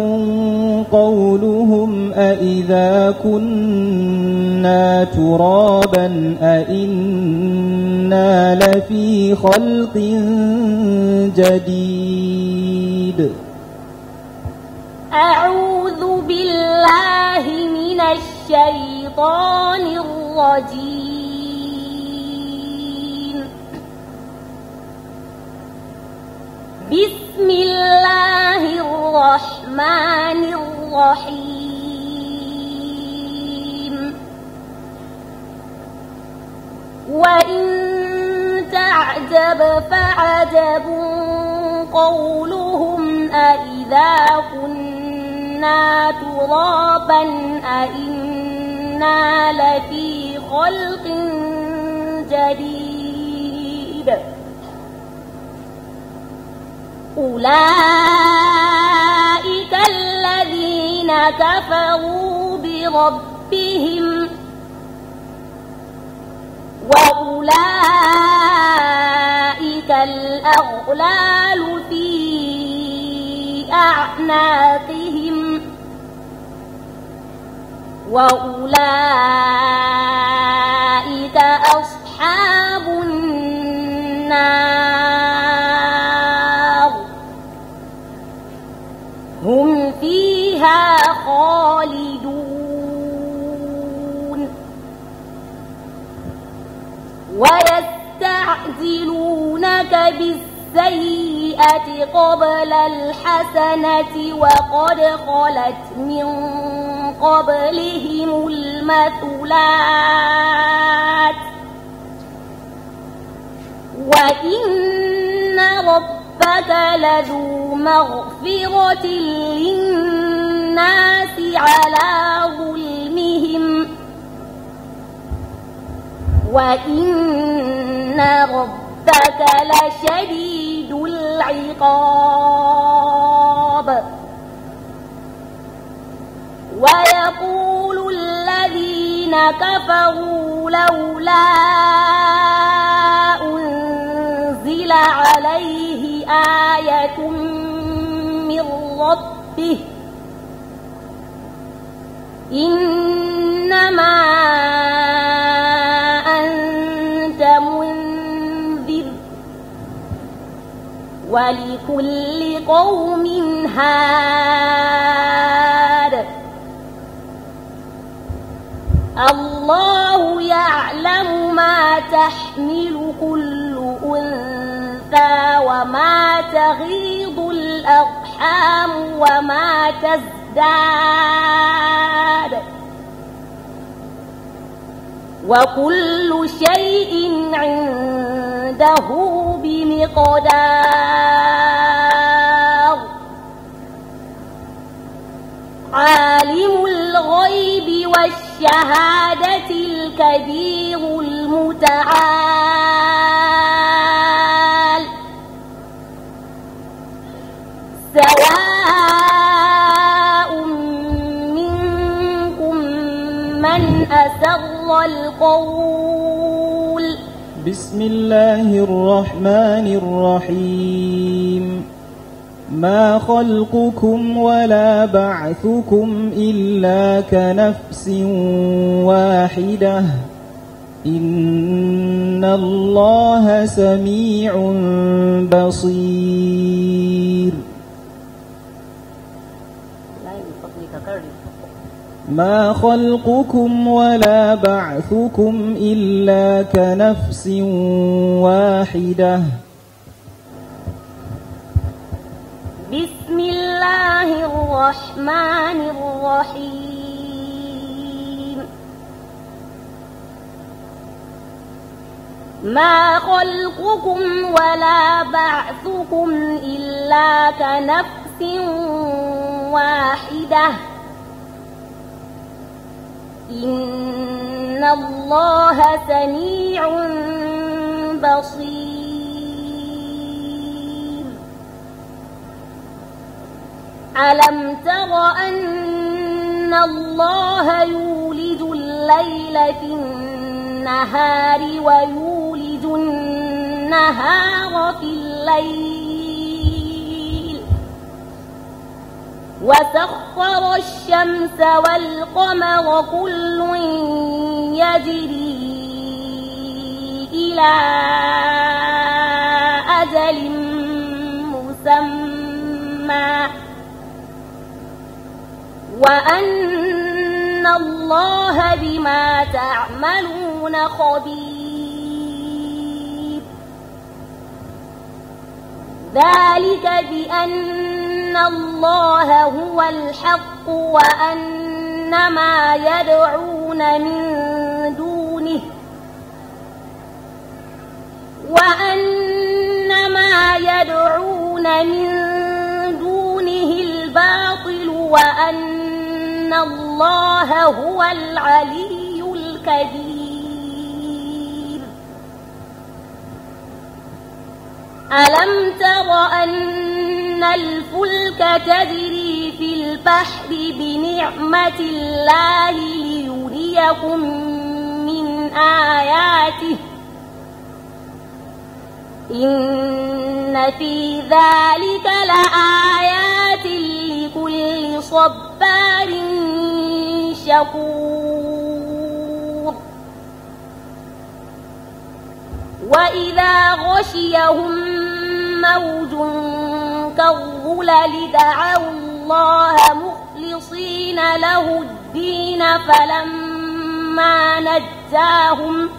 قولهم أإذا كنا ترابا أإنا لفي خلق جديد أعوذ بالله من الشيطان الرجيم بسم الله الرحمن الرحيم وإن تعجب فعجب قولهم أئذا كنت ترابا أئنا لفي خلق جديد أولئك الذين كفروا بربهم وأولئك الأغلال في أعناقهم وأولئك أصحاب النار هم فيها خالدون ويستعزلونك بالسلام السيئة قبل الحسنة وقد خلت من قبلهم المثلات وإن ربك لذو مغفرة للناس على ظلمهم وإن ربك ربك لشديد العقاب ويقول الذين كفروا لولا أنزل عليه آية من ربه إنما ولكل قوم هاد الله يعلم ما تحمل كل أنثى وما تغيض الأرحام وما تزداد وكل شيء عنده بمقدار عالم الغيب والشهادة الكبير المتعال سواء منكم من أسر شر القول بسم الله الرحمن الرحيم ما خلقكم ولا بعثكم إلا كنفس واحدة إن الله سميع بصير ما خلقكم ولا بعثكم إلا كنفس واحدة بسم الله الرحمن الرحيم ما خلقكم ولا بعثكم إلا كنفس واحده إن الله سميع بصير ألم تر أن الله يولد الليل في النهار ويولد النهار في الليل وسخر الشمس والقمر كل يجري إلى أجل مسمى وأن الله بما تعملون خبير ذلك بأن أن الله هو الحق وأن ما يدعون من دونه وأن ما يدعون من دونه الباطل وأن الله هو العلي الكبير ألم تر أن الفلك تجري في البحر بنعمة الله ليريكم من آياته إن في ذلك لآيات لكل صبار شكور وإذا غشيهم موج كالظلل دعوا الله مخلصين له الدين فلما نجاهم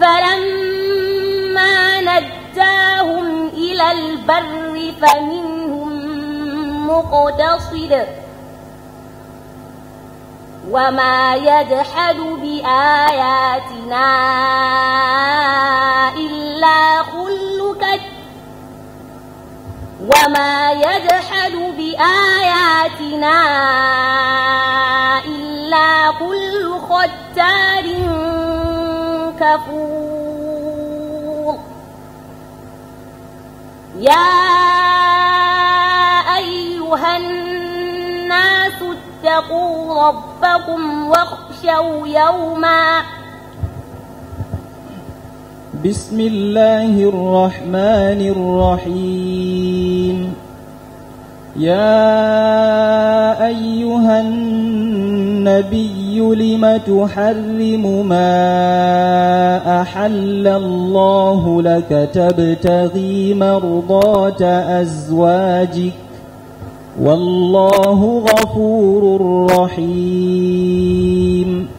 فلما نجاهم إلى البر فمنهم مقتصد وما يجحد بآياتنا إلا كل وما يجحد بآياتنا إلا كل ختار كفور يا أيها الناس اتقوا ربكم واخشوا يوماً بسم الله الرحمن الرحيم يا أيها النبي لم تحرم ما أحل الله لك تبتغي مرضات أزواجك والله غفور رحيم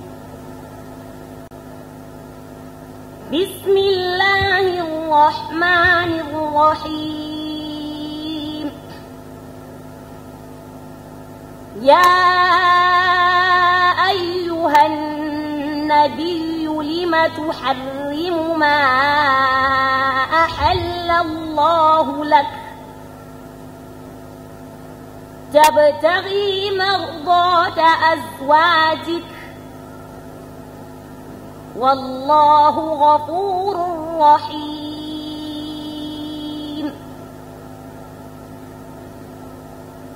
بسم الله الرحمن الرحيم يا أيها النبي لم تحرم ما أحل الله لك تبتغي مرضات أزواجك والله غفور رحيم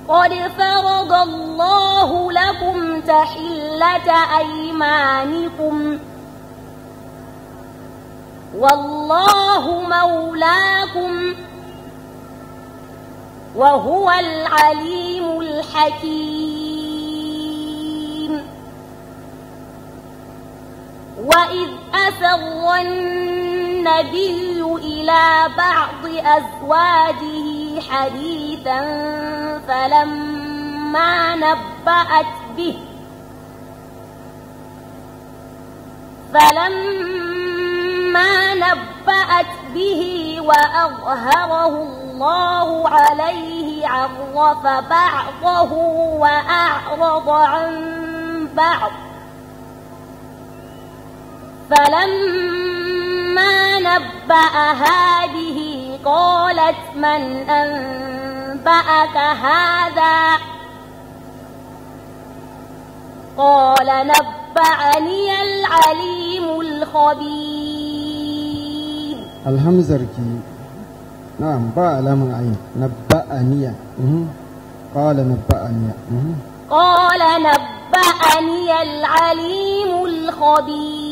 قد فرض الله لكم تحلة أيمانكم والله مولاكم وهو العليم الحكيم وإذ أسر النبي إلى بعض أزواجه حديثا فلما نبأت به فلما نبأت به وأظهره الله عليه عرف بعضه وأعرض عن بعض فلما نبأها به قالت من أنبأك هذا قال نبعني العليم الخبير الهمزركي نعم باء لام العين نبأني قال نبأني قال نبأني العليم الخبير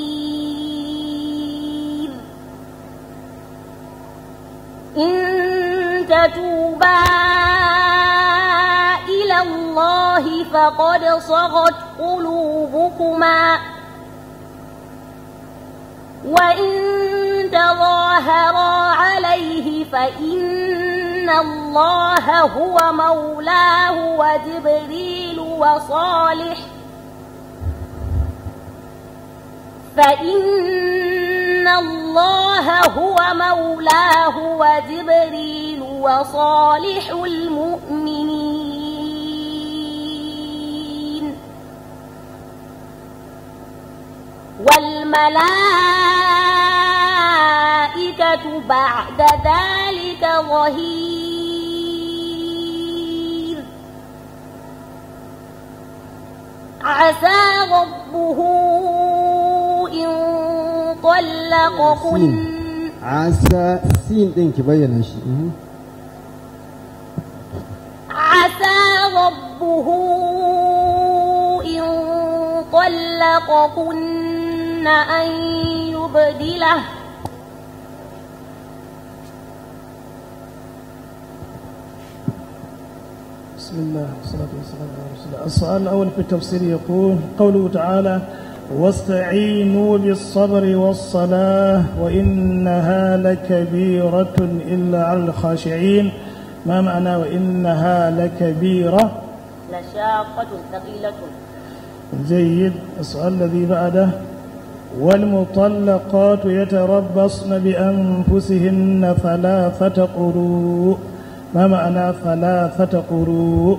إن تتوبا إلى الله فقد صغت قلوبكما وإن تظاهرا عليه فإن الله هو مولاه وجبريل وصالح فإن الله هو مولاه وجبريل وصالح المؤمنين والملائكة بعد ذلك ظهير عسى ربه طلقكن عسى سين دينك بينا شيء عسى ربه إن طلقكن أن يبدله بسم الله والصلاة والسلام على رسول الله السؤال الأول في التفسير يقول قوله تعالى واستعينوا بالصبر والصلاة وإنها لكبيرة إلا على الخاشعين ما معنى وإنها لكبيرة لشاقة ثقيلة جيد السؤال الذي بعده والمطلقات يتربصن بأنفسهن ثلاثة قروء ما معنى ثلاثة قروء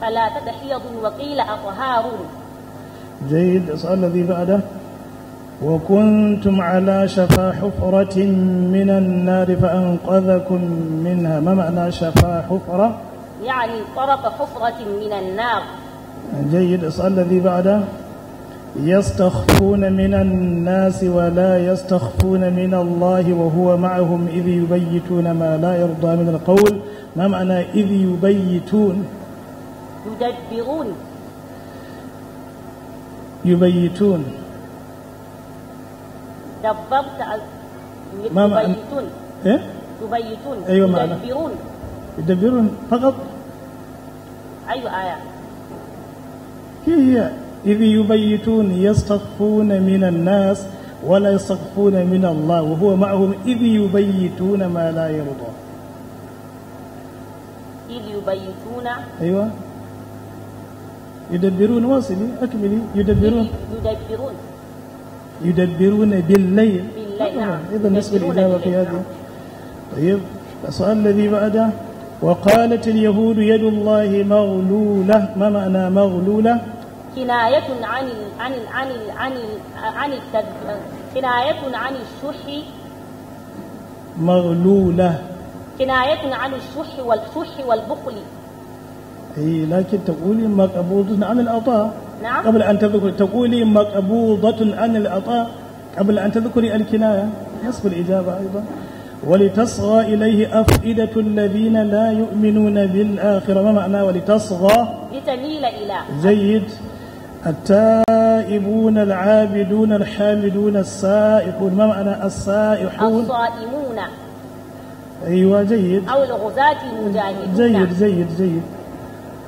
ثلاثة حيض وقيل أطهار جيد السؤال الذي بعده وكنتم على شفا حفرة من النار فأنقذكم منها ما معنى شفا حفرة يعني طرف حفرة من النار جيد السؤال الذي بعده يستخفون من الناس ولا يستخفون من الله وهو معهم إذ يبيتون ما لا يرضى من القول ما معنى إذ يبيتون يدبرون يبيتون دبرت ما يبيتون ايه يبيتون ايوه معنى يدبرون يدبرون فقط ايوه آية هي هي إذ يبيتون يستخفون من الناس ولا يستخفون من الله وهو معهم إذ يبيتون ما لا يرضى إذ يبيتون أيوة يدبرون واصلي أكملي يدبرون يدبرون يدبرون بالليل بالليل إذا نسبه الإجابة في هذا نعم. طيب السؤال الذي بعده وقالت اليهود يد الله مغلولة ما معنى مغلولة؟ كناية عن عن عن عن عن كناية عن الشح مغلولة كناية عن الشح والشح والبخل اي لكن تقولي مقبوضة عن العطاء نعم قبل ان تذكري تقولي مقبوضة عن العطاء قبل ان تذكري الكناية نصف الاجابة ايضا ولتصغى اليه افئدة الذين لا يؤمنون بالاخرة ما معنى ولتصغى لتميل الى جيد التائبون العابدون الحامدون السائحون ما معنى السائحون الصائمون ايوه جيد او الغزاة المجاهدون جيد جيد جيد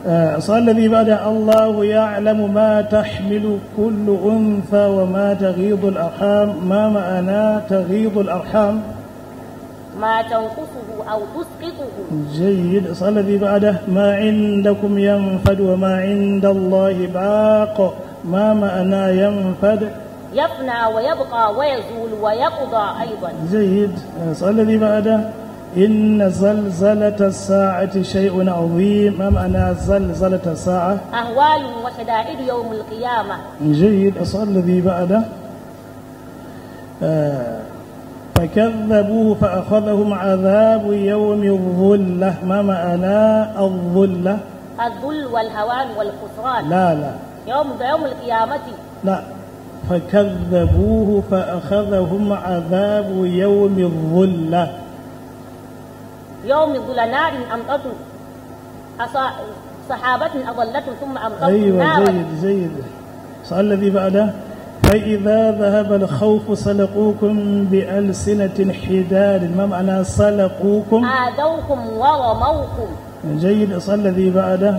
آه، صلى الذي بعد الله يعلم ما تحمل كل أنثى وما تغيض الأرحام ما معنى تغيض الأرحام ما تنقصه أو تسقطه جيد صلى الذي بعده ما عندكم ينفد وما عند الله باق ما معنى ينفد يفنى ويبقى ويزول ويقضى أيضا جيد آه، صلى الذي بعده إن زلزلة الساعة شيء عظيم ما معنى زلزلة الساعة؟ أهوال وشدائد يوم القيامة جيد السؤال الذي بعده آه فكذبوه فأخذهم عذاب يوم الظلة ما معنى الظلة؟ الذل والهوان والخسران لا لا يوم يوم القيامة لا فكذبوه فأخذهم عذاب يوم الظلة يوم ظلناء أمطته صحابة أضلت ثم أمطته أيوة جيد جيد سؤال الذي بعده فإذا ذهب الخوف سلقوكم بألسنة حداد ما معنى سلقوكم آذوكم ورموكم جيد صح الذي بعده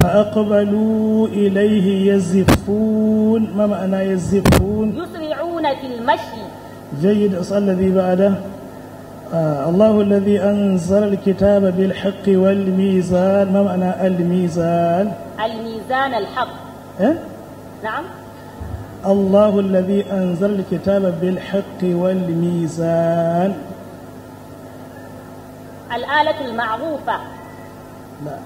فأقبلوا إليه يزفون ما معنى يزفون يسرعون في المشي جيد صح الذي بعده آه، الله الذي أنزل الكتاب بالحق والميزان ما معنى الميزان الميزان الحق إيه؟ نعم الله الذي أنزل الكتاب بالحق والميزان الآلة المعروفة لا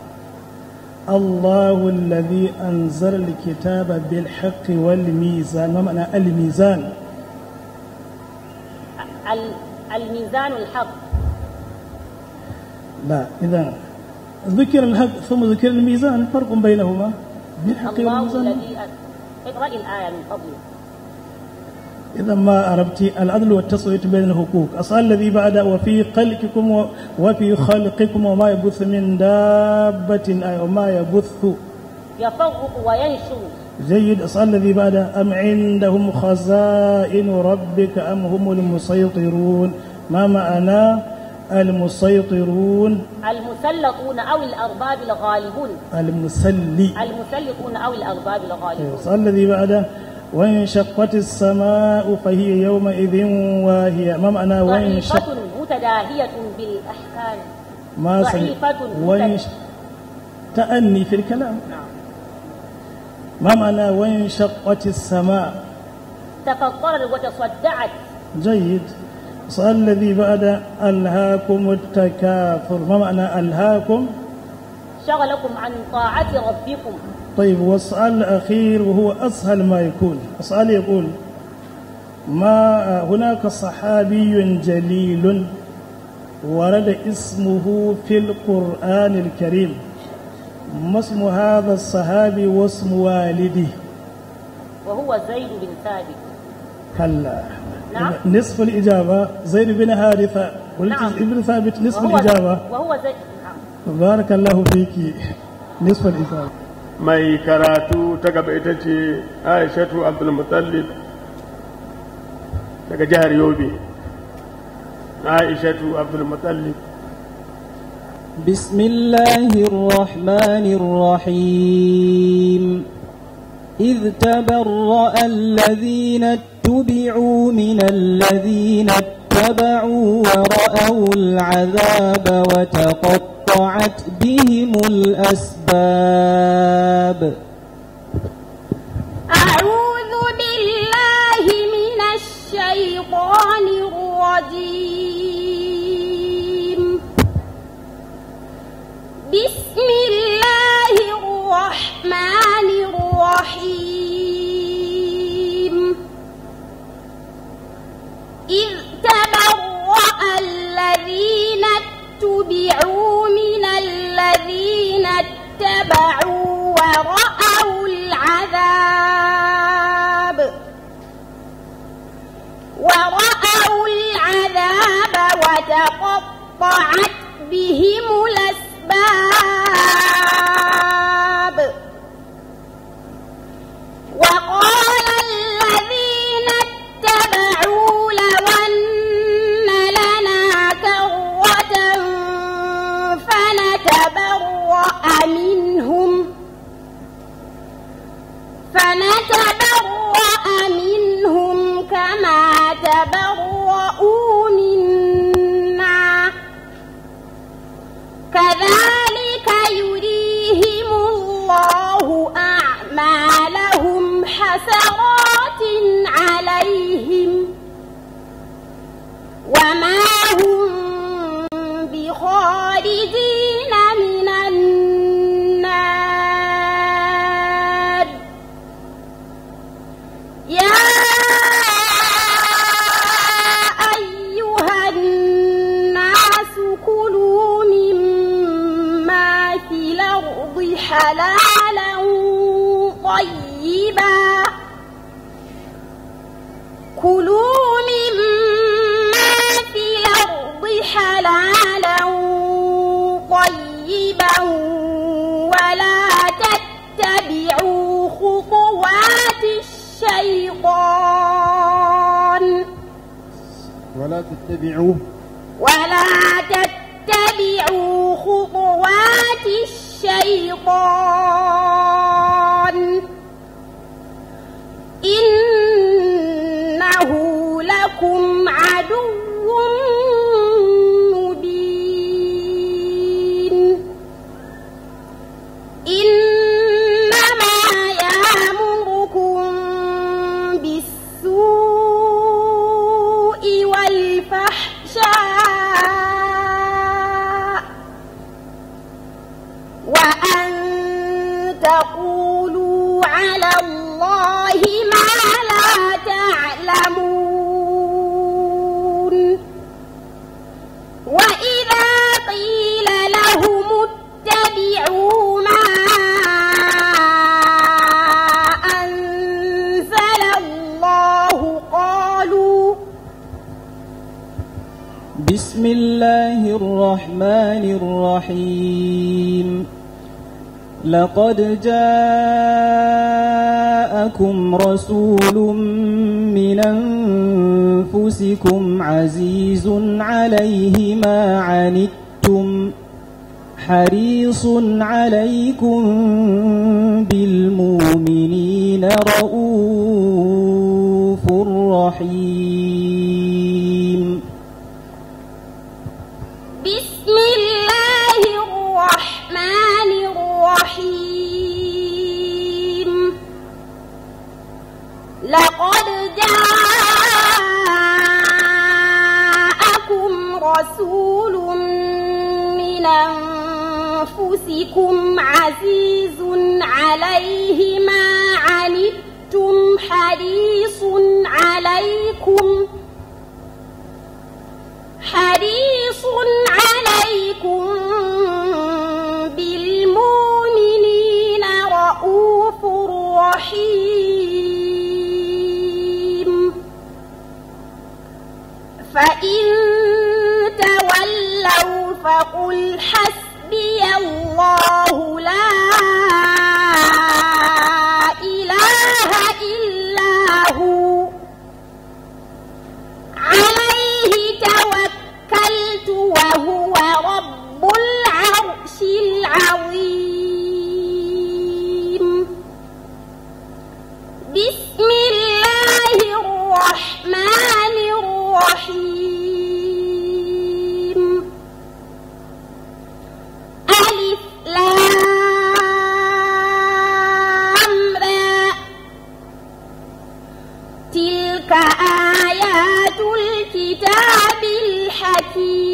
الله الذي أنزل الكتاب بالحق والميزان ما معنى الميزان ال... الميزان الحق لا إذا ذكر الحق ثم ذكر الميزان فرق بينهما بالحق والميزان الذي اقرأ طيب، الآية من فضلك إذا ما أردت العدل والتصويت بين الحقوق أصال الذي بعد وفي خلقكم وفي خلقكم وما يبث من دابة وما يبث يفوق وينشر جيد اسأل الذي بعده أم عندهم خزائن ربك أم هم المسيطرون ما معنى المسيطرون المسلطون أو الأرباب الغالبون المسلي المسلطون أو الأرباب الغالبون السؤال الذي بعده وانشقت السماء فهي يومئذ واهية ما معنى وانشقت متداهية بالأحكام ما ضعيفة وانش... تأني في الكلام نعم ما معنى وانشقت السماء تفطرت وتصدعت جيد السؤال الذي بعد ألهاكم التكاثر ما معنى ألهاكم شغلكم عن طاعة ربكم طيب والسؤال الأخير وهو أسهل ما يكون السؤال يقول ما هناك صحابي جليل ورد اسمه في القرآن الكريم ما اسم هذا الصحابي واسم والده وهو زيد بن ثابت كلا نعم نصف الإجابة زيد بن حارثة قلت نعم. ابن ثابت نصف وهو الإجابة وهو زيد نعم بارك الله فيك نصف الإجابة mai karatu ta إتجي عائشة عبد المطلب abdulmutallib daga jihar yobe aishatu abdulmutallib بسم الله الرحمن الرحيم إذ تبرأ الذين اتبعوا من الذين اتبعوا ورأوا العذاب وتقطعت بهم الأسباب أعوذ بالله من الشيطان الرجيم بسم الله الرحمن الرحيم إذ تبرأ الذين اتبعوا من الذين اتبعوا ورأوا العذاب ورأوا العذاب وتقطعت بهم الأسباب الباب وقال الذين اتبعوا لو أن لنا كرة فنتبرأ منهم فنتبرأ منهم كما تبرؤوا منا كذلك يريهم الله أعمالهم حسرات عليهم وما ضلالا طيبا ولا تتبعوا خطوات الشيطان ولا تتبعوا ولا تتبعوا خطوات الشيطان بسم الله الرحمن الرحيم لقد جاءكم رسول من أنفسكم عزيز عليه ما عنتم حريص عليكم بالمؤمنين رؤوف رحيم الرحمن الرحيم لقد جاءكم رسول من أنفسكم عزيز عليه ما عنتم حريص عليكم حريص عليكم فإن تولوا فقل حسبي الله لا إله إلا هو की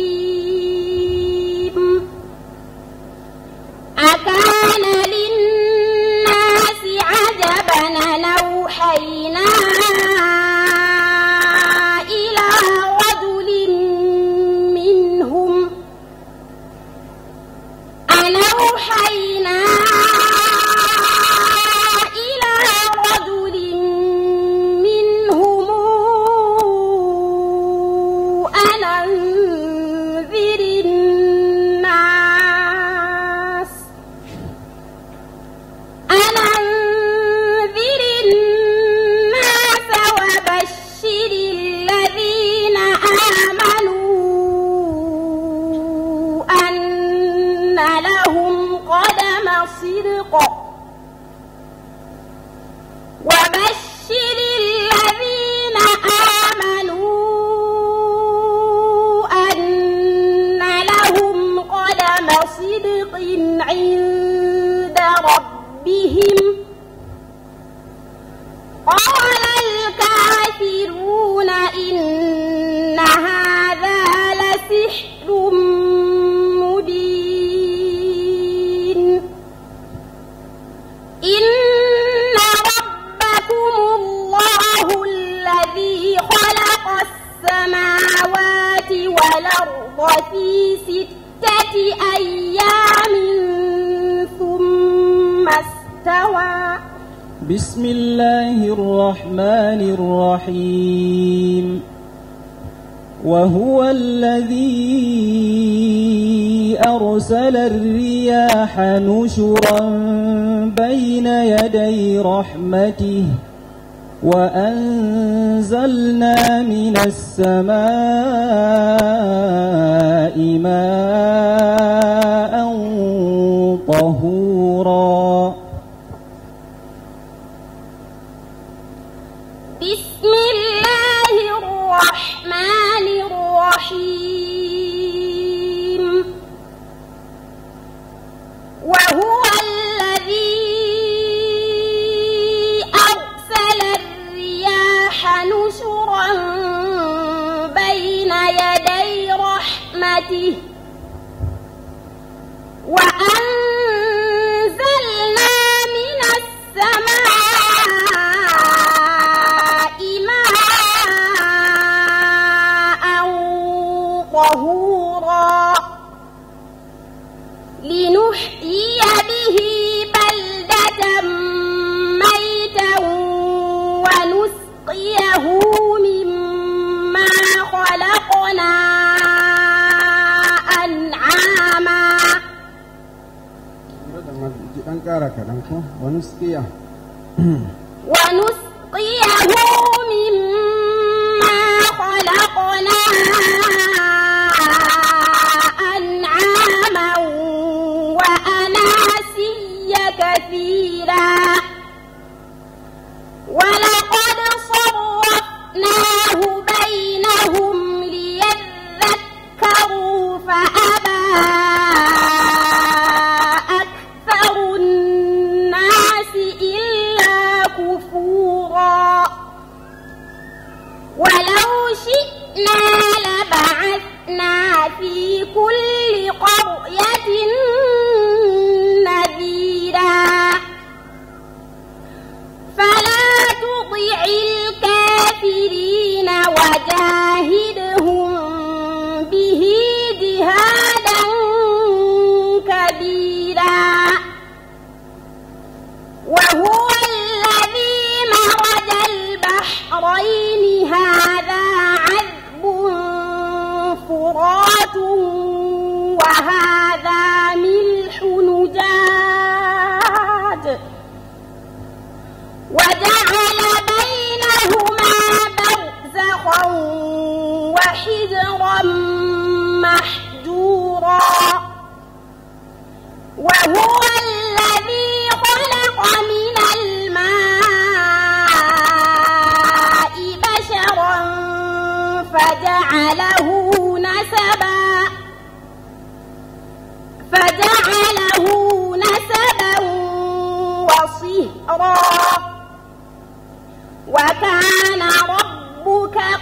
Oh.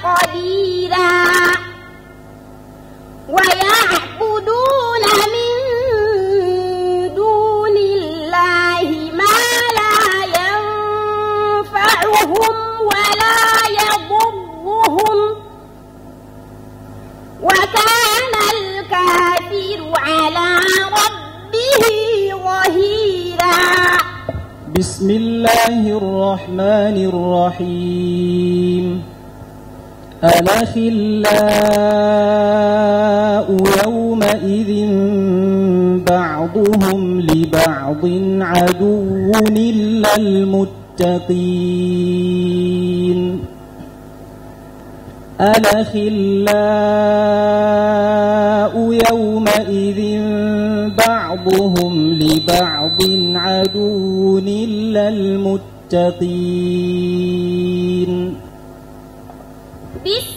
قديرا ويعبدون من دون الله ما لا ينفعهم ولا يضرهم وكان الكافر على ربه ظهيرا بسم الله الرحمن الرحيم الأخلاء يومئذ بعضهم لبعض عدو إلا المتقين الأخلاء يومئذ بعضهم لبعض عدو إلا المتقين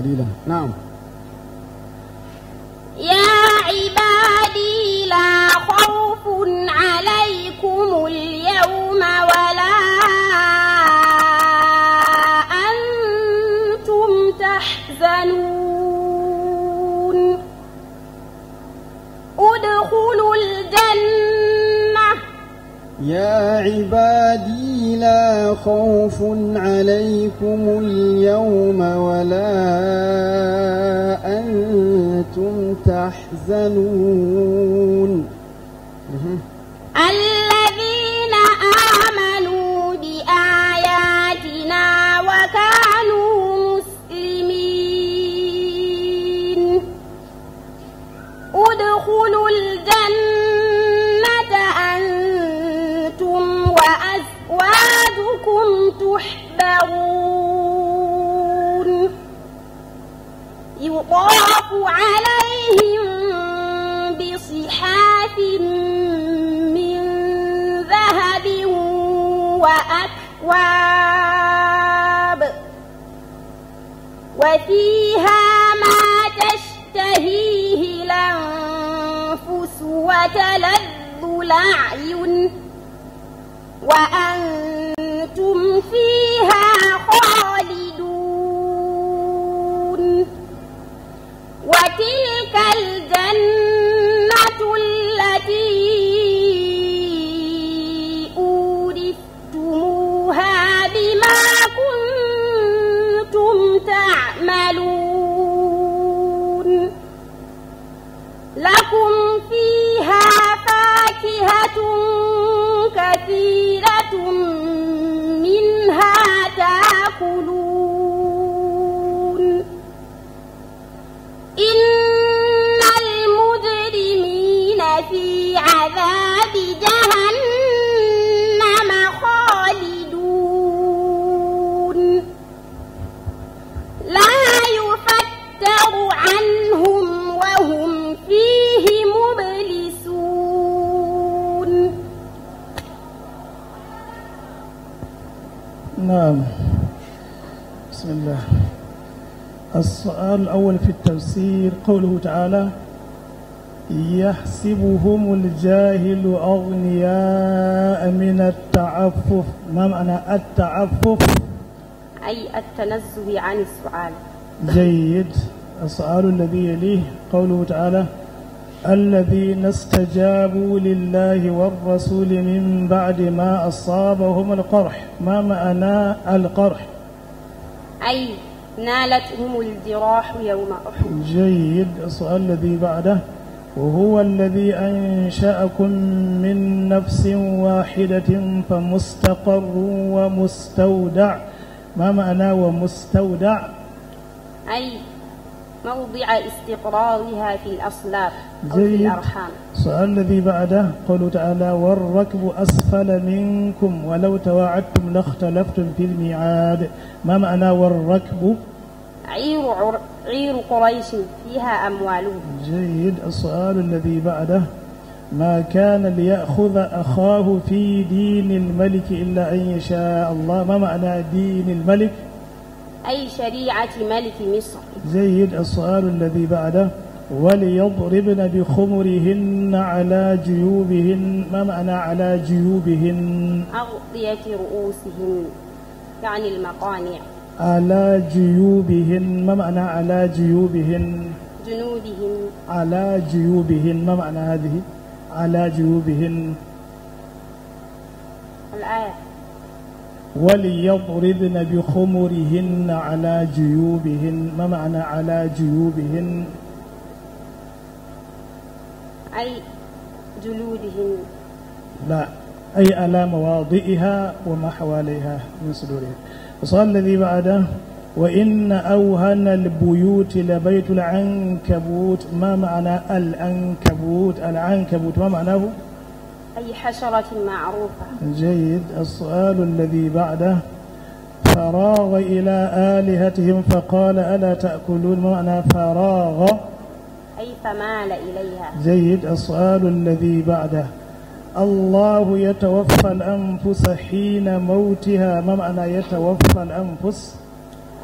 قليلا نعم يا عبادي لا خوف عليكم اليوم ولا أنتم تحزنون ادخلوا الجنة يا عبادي لا خوف عليكم اليوم ولا أنتم تحزنون يطاف عليهم بصحاف من ذهب وأكواب وفيها ما تشتهيه الأنفس وتلذ الأعين وأكواب السؤال الأول في التفسير قوله تعالى يحسبهم الجاهل أغنياء من التعفف ما معنى التعفف؟ أي التنزه عن السؤال جيد السؤال الذي يليه قوله تعالى الذين استجابوا لله والرسول من بعد ما أصابهم القرح ما معنى القرح؟ أي نالتهم الجراح يوم أحد جيد السؤال الذي بعده وهو الذي أنشأكم من نفس واحدة فمستقر ومستودع ما معنى ومستودع أي موضع استقرارها في الأصلاف أو في الأرحام السؤال الذي بعده قوله تعالى والركب أسفل منكم ولو تواعدتم لاختلفتم في الميعاد ما معنى والركب عير عير قريش فيها أموالهم جيد السؤال الذي بعده ما كان ليأخذ أخاه في دين الملك إلا أن يشاء الله ما معنى دين الملك أي شريعة ملك مصر جيد السؤال الذي بعده وليضربن بخمرهن على جيوبهن ما معنى على جيوبهن أغطية رؤوسهن يعني المقانع على جيوبهن ما معنى على جيوبهن جنوبهن على جيوبهن ما معنى هذه على جيوبهن الآية وليضربن بخمرهن على جيوبهن ما معنى على جيوبهن أي جلودهن لا أي على مواضعها وما حواليها من صدورهن وصلى الذي بعده وإن أوهن البيوت لبيت العنكبوت ما معنى العنكبوت العنكبوت ما معناه أي حشرة معروفة جيد السؤال الذي بعده فراغ إلى آلهتهم فقال ألا تأكلون ما معنى فراغ أي فمال إليها جيد السؤال الذي بعده الله يتوفى الأنفس حين موتها ما معنى يتوفى الأنفس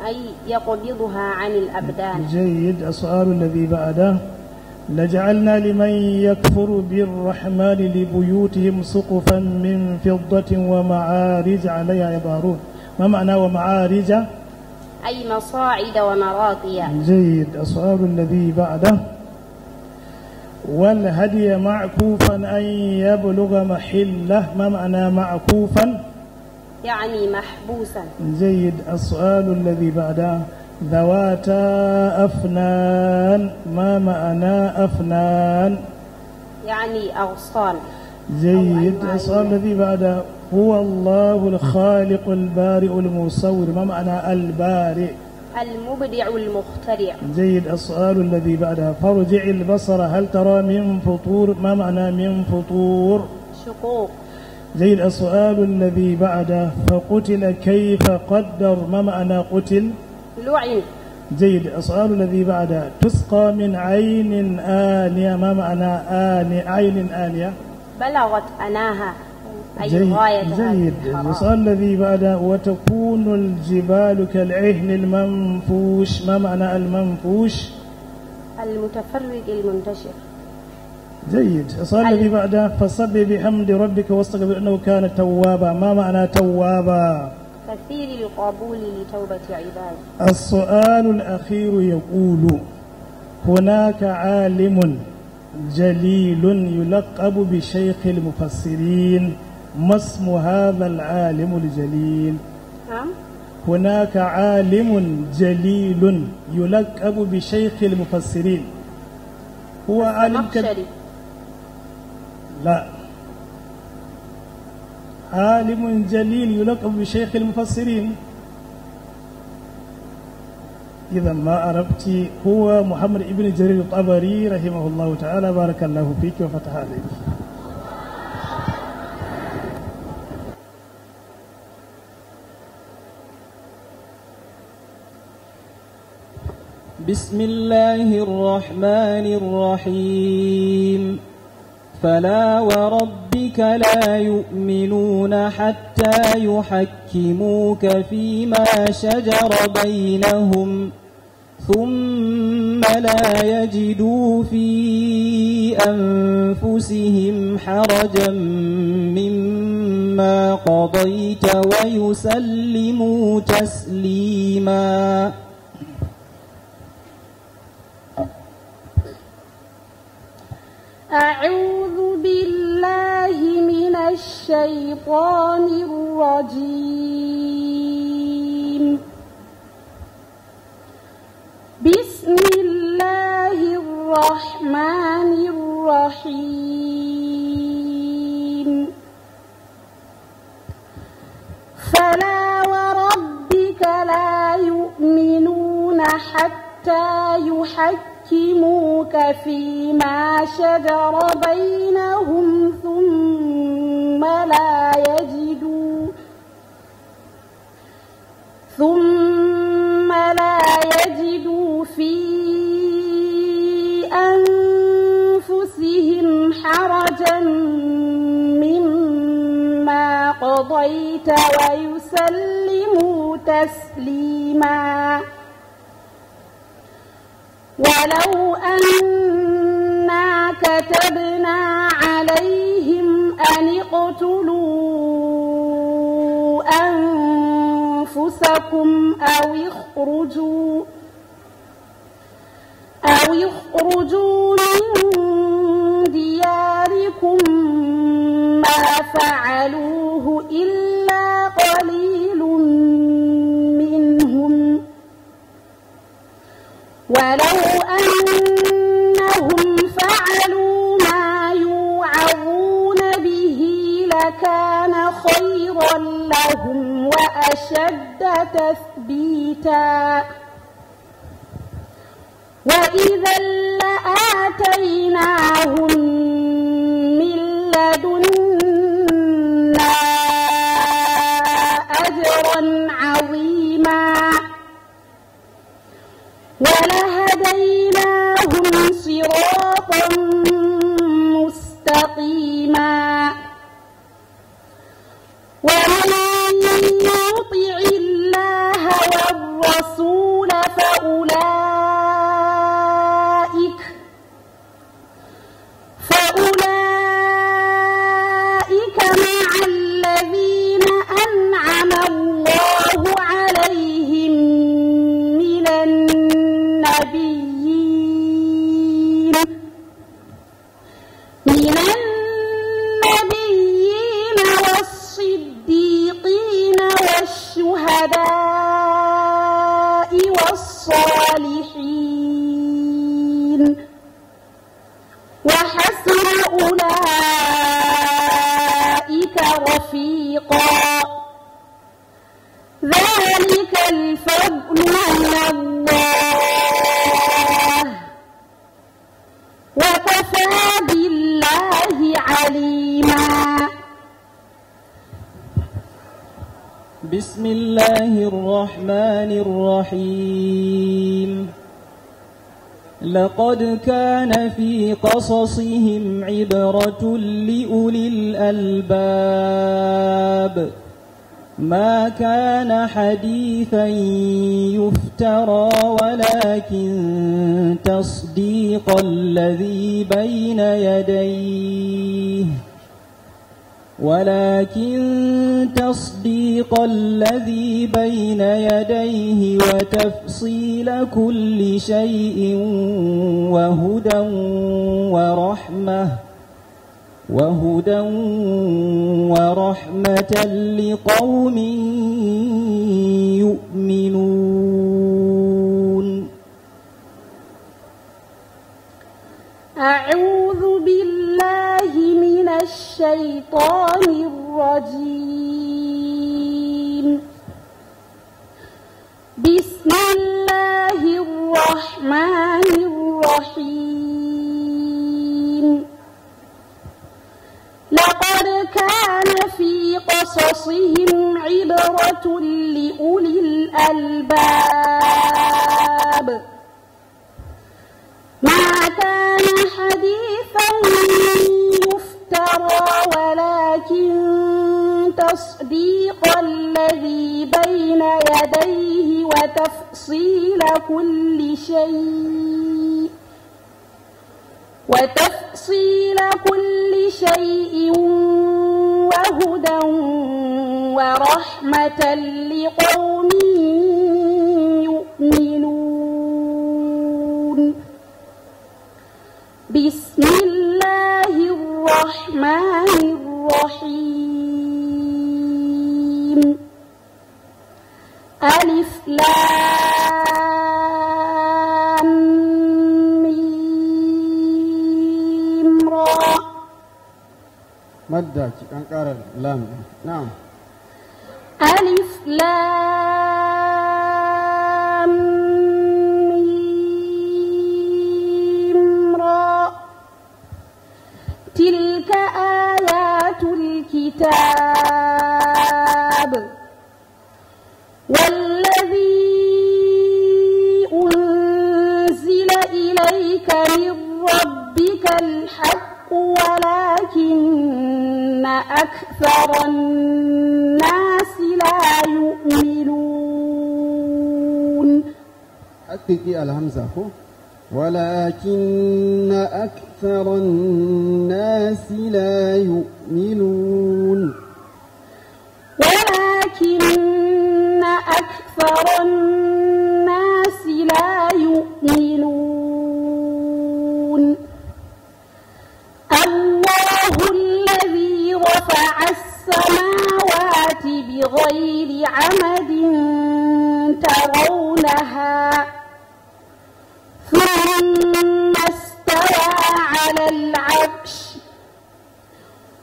أي يقبضها عن الأبدان جيد السؤال الذي بعده لجعلنا لمن يكفر بالرحمن لبيوتهم سقفا من فضة ومعارج عليها يظهرون ما معنى ومعارج أي مصاعد ومراقية جيد السؤال الذي بعده والهدي معكوفا أن يبلغ محله ما معنى معكوفا يعني محبوسا جيد السؤال الذي بعده ذواتا أفنان ما معنى أفنان يعني أغصان جيد السؤال الذي بعده هو الله الخالق البارئ المصور ما معنى البارئ المبدع المخترع جيد السؤال الذي بعدها فارجع البصر هل ترى من فطور ما معنى من فطور شقوق جيد السؤال الذي بعده فقتل كيف قدر ما معنى قتل لعن جيد السؤال الذي بعده تسقى من عين آنية ما معنى آنية عين آنية بلغت أناها جيد, غاية الذي بعد وتكون الجبال كالعهن المنفوش ما معنى المنفوش المتفرق المنتشر جيد وصال الذي بعد فصب بحمد ربك واستغفر انه كان توابا ما معنى توابا كثير القبول لتوبة عباده السؤال الأخير يقول هناك عالم جليل يلقب بشيخ المفسرين ما اسم هذا العالم الجليل نعم هناك عالم جليل يلقب بشيخ المفسرين هو عالم كبير لا عالم جليل يلقب بشيخ المفسرين إذا ما عرفت هو محمد ابن جرير الطبري رحمه الله تعالى بارك الله فيك وفتح عليك بسم الله الرحمن الرحيم فلا وربك لا يؤمنون حتى يحكموك فيما شجر بينهم ثم لا يجدوا في أنفسهم حرجا مما قضيت ويسلموا تسليماً أعوذ بالله من الشيطان الرجيم بسم الله الرحمن الرحيم فلا وربك لا يؤمنون حتى يحكم يحكموك فيما شجر بينهم ثم لا يجدوا ثم لا يجدوا في أنفسهم حرجا مما قضيت ويسلموا تسليماً ولو أنا كتبنا عليهم أن اقتلوا أنفسكم أو اخرجوا أو اخرجوا من دياركم ما فعلوا كان خيرا لهم وأشد تثبيتا وإذا لآتيناهم بسم الله الرحمن الرحيم لقد كان في قصصهم عبرة لأولي الألباب ما كان حديثا يفترى ولكن تصديق الذي بين يديه ولكن تصديق الذي بين يديه وتفصيل كل شيء وهدى ورحمة وهدى ورحمة لقوم يؤمنون أعوذ بالله الشيطان الرجيم بسم الله الرحمن الرحيم لقد كان في قصصهم عبرة لأولي الألباب ما كان حديثا افترى ولكن تصديق الذي بين يديه وتفصيل كل شيء وتفصيل كل شيء وهدى ورحمة لقومه الرحمن الرحيم ألف لام را مدد كان لام نعم ألف لام الكتاب والذي أنزل إليك من ربك الحق ولكن أكثر الناس لا يؤمنون أكتب الهمزة أخو ولكن أكثر الناس لا يؤمنون ولكن أكثر الناس لا يؤمنون الله الذي رفع السماوات بغير عمد ترونها العرش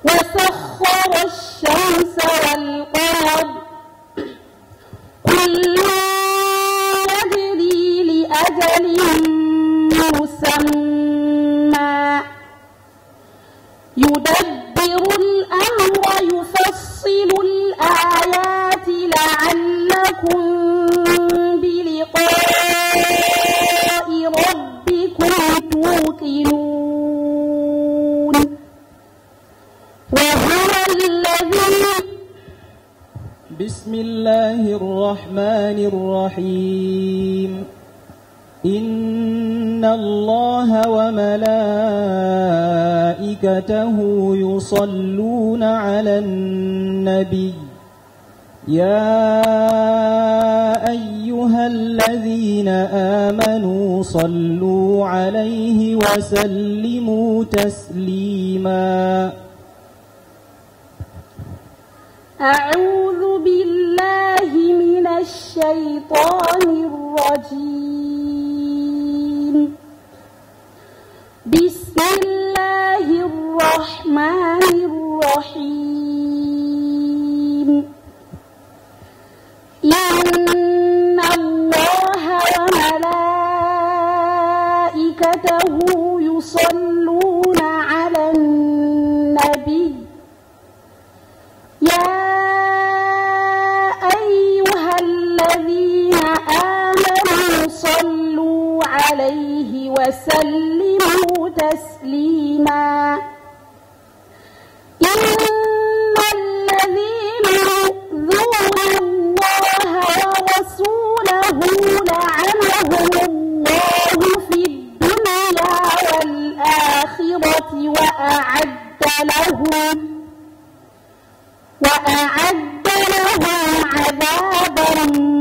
وسخر الشمس والقمر كل يجري لأجل مسمى يدبر الأمر يفصل الآيات لعلكم بلقاء ربكم توقنون بسم الله الرحمن الرحيم إن الله وملائكته يصلون على النبي يا أيها الذين آمنوا صلوا عليه وسلموا تسليماً أعوذ بالله من الشيطان الرجيم بسم الله الرحمن الرحيم إن عليه وسلموا تسليما إن الذين يؤذون الله ورسوله لعنهم الله في الدنيا والآخرة وأعد لهم وأعد لهم عذابا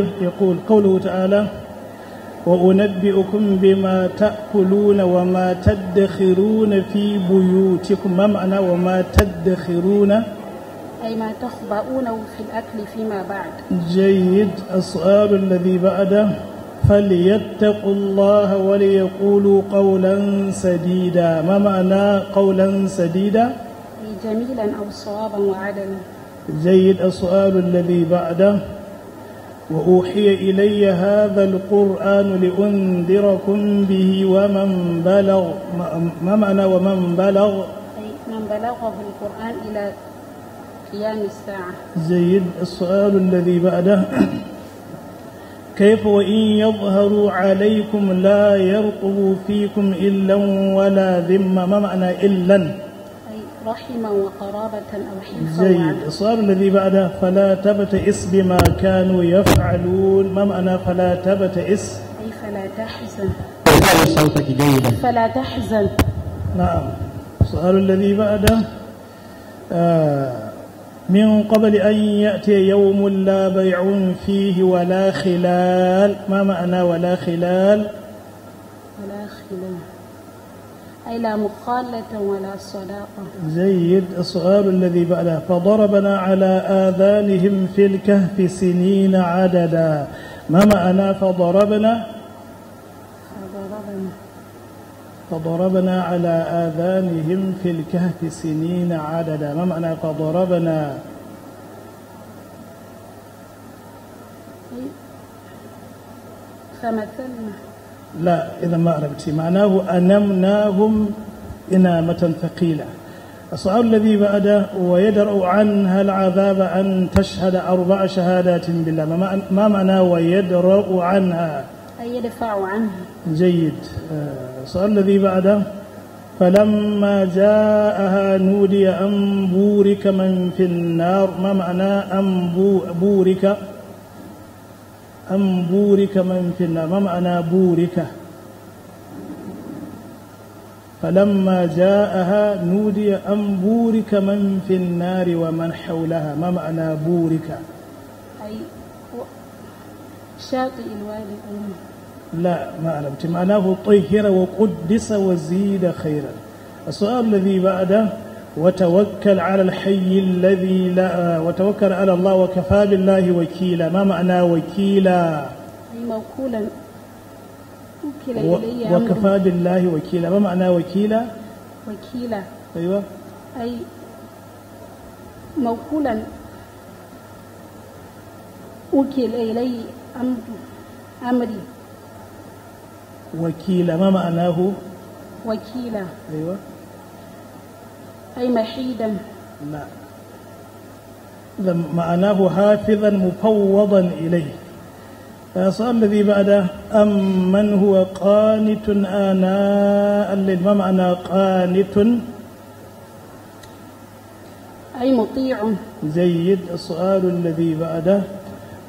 الأخير يقول قوله تعالى وأنبئكم بما تأكلون وما تدخرون في بيوتكم ما معنى وما تدخرون أي ما تخبؤون في الأكل فيما بعد جيد السؤال الذي بعده فليتقوا الله وليقولوا قولا سديدا ما معنى قولا سديدا جميلا أو صوابا وعدلا جيد السؤال الذي بعده وأوحي إلي هذا القرآن لأنذركم به ومن بلغ ما معنى ومن بلغ أي من بلغه القرآن إلى قيام الساعة زيد السؤال الذي بعده كيف وإن يظهروا عليكم لا يرقبوا فيكم إلا ولا ذمة ما معنى إلا رحما وقرابة أو حلفا جيد السؤال الذي بعده فلا تبت إس بما كانوا يفعلون ما معنى فلا تبت إس أي فلا تحزن صوتك جيدا فلا تحزن نعم السؤال الذي بعده آه من قبل أن يأتي يوم لا بيع فيه ولا خلال ما معنى ولا خلال ولا خلال أي لا مقالة ولا صداقة جيد السؤال الذي بعده فضربنا على آذانهم في الكهف سنين عددا ما معنى فضربنا فضربنا فضربنا على آذانهم في الكهف سنين عددا ما معنى فضربنا فمثلنا لا إذا ما أربت معناه أنمناهم إنامة ثقيلة السؤال الذي بعده ويدرأ عنها العذاب أن تشهد أربع شهادات بالله ما, ما معنى ويدرأ عنها أي يدفع عنها جيد آه، السؤال الذي بعده فلما جاءها نودي أن بورك من في النار ما معنى أن بورك أم بورك من في النار ما معنى بورك فلما جاءها نودي أم بورك من في النار ومن حولها ما معنى بورك أي شاطئ الوادي لا ما علمت معناه طهر وقدس وزيد خيرا السؤال الذي بعده وتوكل على الحي الذي لا وتوكل على الله وكفى بالله وكيلا ما معنى وكيلا أي موكولا وكفى بالله وكيلا ما معنى وكيلا وكيلا أيوة أي موكولا وكيل إلي أمري أمري وكيلا ما معناه وكيلا أيوة أي محيدا لا معناه حافظا مفوضا إليه فيصل الذي بعده أم من هو قانت آناء الليل ما معنى قانت أي مطيع زيد السؤال الذي بعده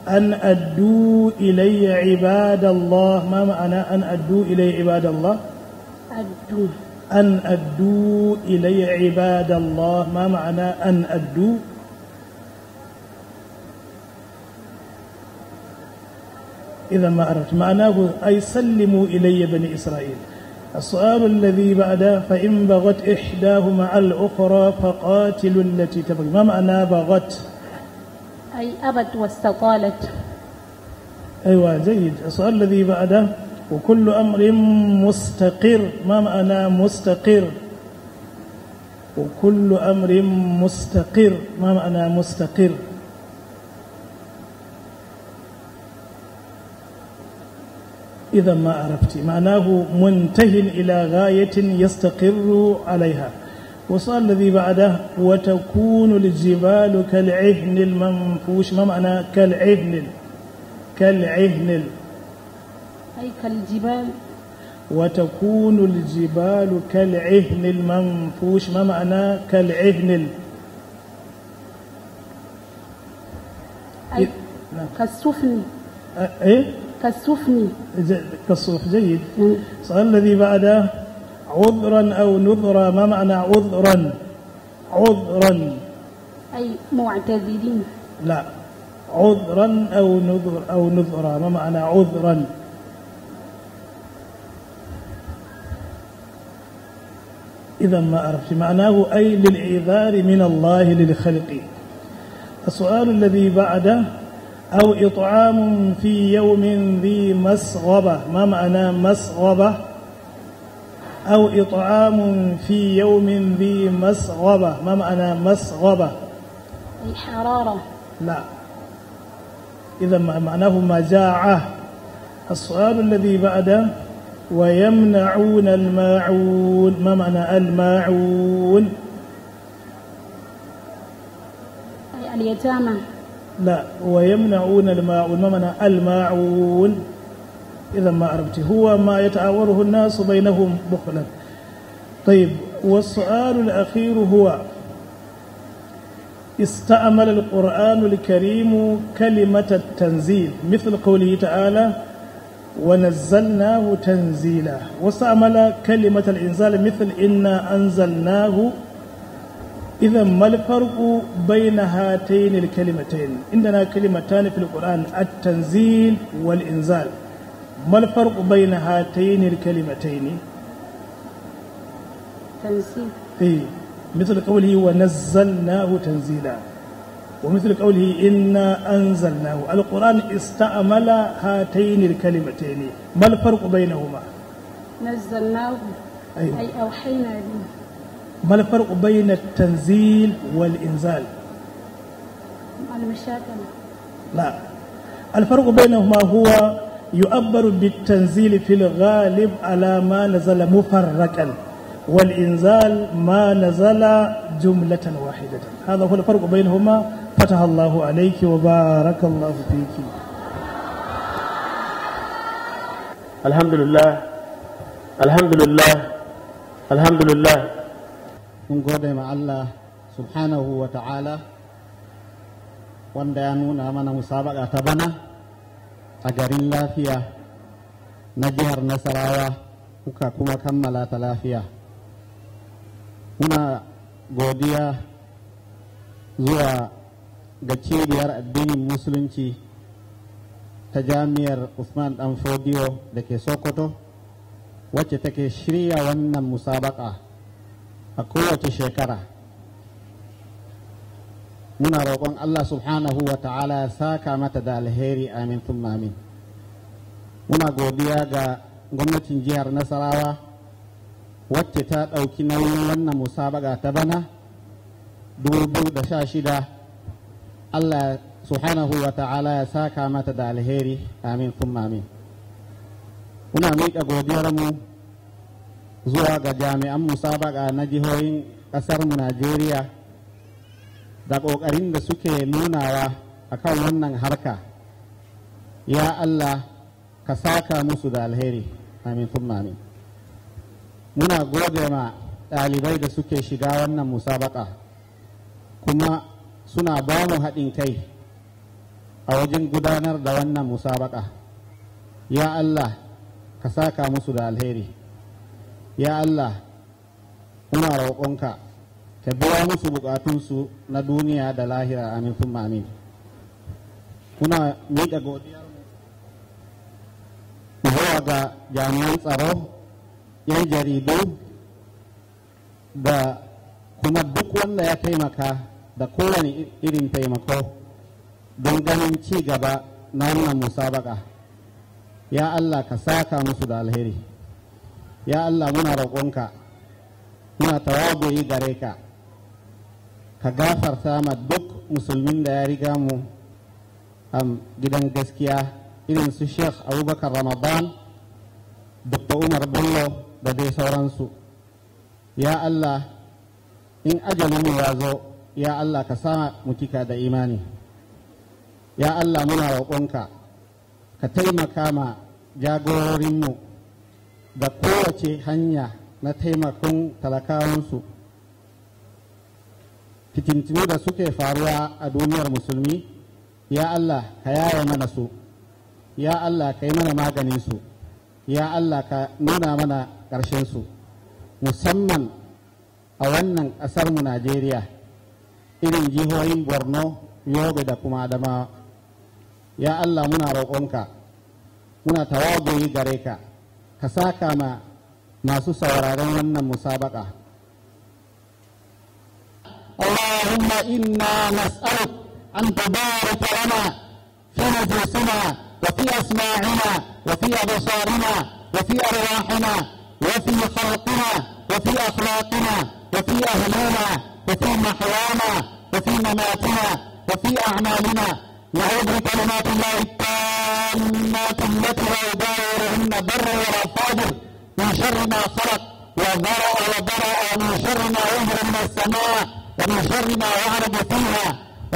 أن أدوا إلي عباد الله ما معنى أن أدوا إلي عباد الله أدوا أن أدوا إلي عباد الله ما معنى أن أدوا إذا ما عرفت معناه أي سلموا إلي بني إسرائيل السؤال الذي بعده فإن بغت إحداهما على الأخرى فقاتلوا التي تبغي ما معنى بغت أي أبت واستطالت أيوة جيد السؤال الذي بعده وكل أمر مستقر ما معنى مستقر وكل أمر مستقر ما معنى مستقر إذا ما عرفت معناه منتهي إلى غاية يستقر عليها وصال الذي بعده وتكون الجبال كالعهن المنفوش ما معنى كالعهن كالعهن أي كالجبال وتكون الجبال كالعهن المنفوش ما معناه كالعهن ال... نعم. كالسفن ايه كالسفن كالصوف جيد السؤال الذي بعده عذرا او نذرا ما معنى عذرا عذرا اي معتذرين لا عذرا او نذر او نذرا ما معنى عذرا إذا ما عرفت معناه أي للإعذار من الله للخلق السؤال الذي بعده أو إطعام في يوم ذي مسغبة ما معنى مسغبة أو إطعام في يوم ذي مسغبة ما معنى مسغبة الحرارة لا إذا معناه مجاعة السؤال الذي بعده ويمنعون الماعون ما معنى الماعون اليتامى لا ويمنعون الماعون ما معنى الماعون إذا ما عرفت هو ما يتعاوره الناس بينهم بخلا طيب والسؤال الأخير هو استعمل القرآن الكريم كلمة التنزيل مثل قوله تعالى ونزلناه تنزيلا واستعمل كلمة الإنزال مثل إنا أنزلناه إذا ما الفرق بين هاتين الكلمتين عندنا كلمتان في القرآن التنزيل والإنزال ما الفرق بين هاتين الكلمتين تنزيل إيه مثل قوله ونزلناه تنزيلا ومثل قوله إنا أنزلناه القرآن استعمل هاتين الكلمتين ما الفرق بينهما نزلناه أيوه. أي أوحينا به ما الفرق بين التنزيل والإنزال المشاكل لا الفرق بينهما هو يؤبر بالتنزيل في الغالب على ما نزل مفرقا والإنزال ما نزل جملة واحدة هذا هو الفرق بينهما فتح الله عليك وبارك الله فيك الحمد لله الحمد لله الحمد لله mun gode ma Allah subhanahu wa ta'ala wanda ya nuna mana musabaka ta bana a garin lafiya na jihar Nasarawa kuka kuma kammala ta lafiya. muna godiya zuwa ga cibiyar addinin musulunci ta jami'ar usman dan fodiyo da ke sokoto wacce take shirya wannan musabaka a kowace shekara muna roƙon allah subhanahu wa ta'ala ya saka mata da alheri amin tun amin muna godiya ga gwamnatin jihar nasarawa wacce ta ɗauki nauyin wannan musabaka ta bana 2016 Allah subhanahu wa ta'ala ya saka mata da alheri amin kuma amin muna miƙa mu zuwa ga jami'an musabaka na jihohin ƙasarmu najeriya da ƙoƙarin da suke nunawa a kan wannan harka ya allah ka saka musu da alheri amin kuma amin muna gode ma ɗalibai da suke shiga wannan musabaka kuma suna ba mu haɗin kai a wajen gudanar da wannan musabaka ya Allah ka saka musu da alheri ya Allah muna roƙonka ka biya musu bukatunsu na duniya da lahira amin kuma amin kuna miƙa godiyar zuwa ga jami'an tsaro 'yan jaridu da kuma duk wanda ya taimaka da kowane irin taimako don ganin ci gaba na wannan musabaka ya Allah ka saka musu da alheri ya Allah muna roƙonka muna tawagoyi gare ka ka gafarta ma duk musulmin da ya riga mu a gidan gaskiya irin su sheikh abubakar ramadan dr umar bullo da dai sauransu ya Allah in ajalin ya zo ya Allah ka sa mutika da imani ya Allah muna roƙonka ka taimaka ma jagororinmu da kowace hanya na taimakon talakawansu fitintini da suke faruwa a duniyar musulmi ya Allah ka yaya mana su ya Allah ka yi mana maganinsu. ya Allah ka nuna mana ƙarshensu musamman a wannan ƙasarmu najeriya irin jihohin borno yobe da kuma adamawa ya allah muna roƙonka muna tawagoyi gare ka ka saka ma masu sauraron wannan musabaka اللهم إنا نسألك أن تبارك لنا في مجلسنا وفي أسماعنا وفي أبصارنا وفي أرواحنا وفي خلقنا وفي أخلاقنا وفي أهلنا وفي محيانا وفي مماتنا وفي أعمالنا نعوذ بكلمات الله التامات التي لا يداورهن بر ولا فاضل من شر ما خلق وبرأ وبرأ ومن شر ما يهر من السماء ومن شر ما يعرض فيها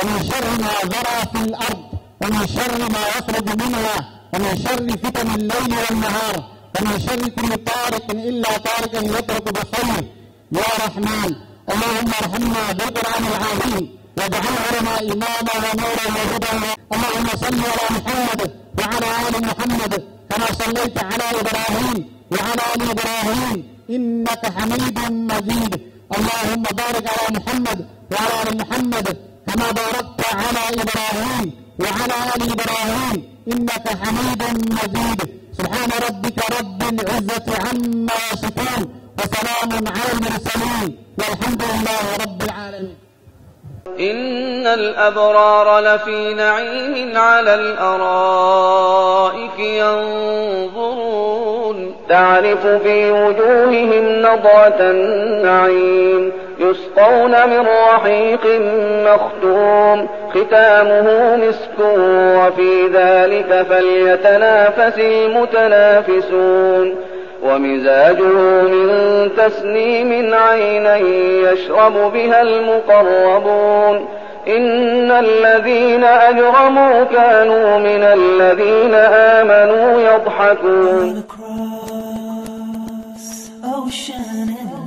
ومن شر ما ذرى في الأرض ومن شر ما يخرج منها ومن شر فتن الليل والنهار فما شبك من طارق إلا طارقا يطرق بخير يا رحمن اللهم ارحمنا بالقرآن العظيم واجعله لنا إماما ونورا وهدى اللهم صل على محمد وعلى آل محمد كما صليت على إبراهيم وعلى آل إبراهيم إنك حميد مجيد اللهم بارك على محمد وعلى آل محمد كما باركت على إبراهيم وعلى آل إبراهيم إنك حميد مجيد سبحان ربك رب العزة عما يصفون وسلام على المرسلين والحمد لله رب العالمين إن الأبرار لفي نعيم على الأرائك ينظرون تعرف في وجوههم نضرة النعيم يسقون من رحيق مختوم ختامه مسك وفي ذلك فليتنافس المتنافسون ومزاجه من تسنيم عينا يشرب بها المقربون إن الذين أجرموا كانوا من الذين آمنوا يضحكون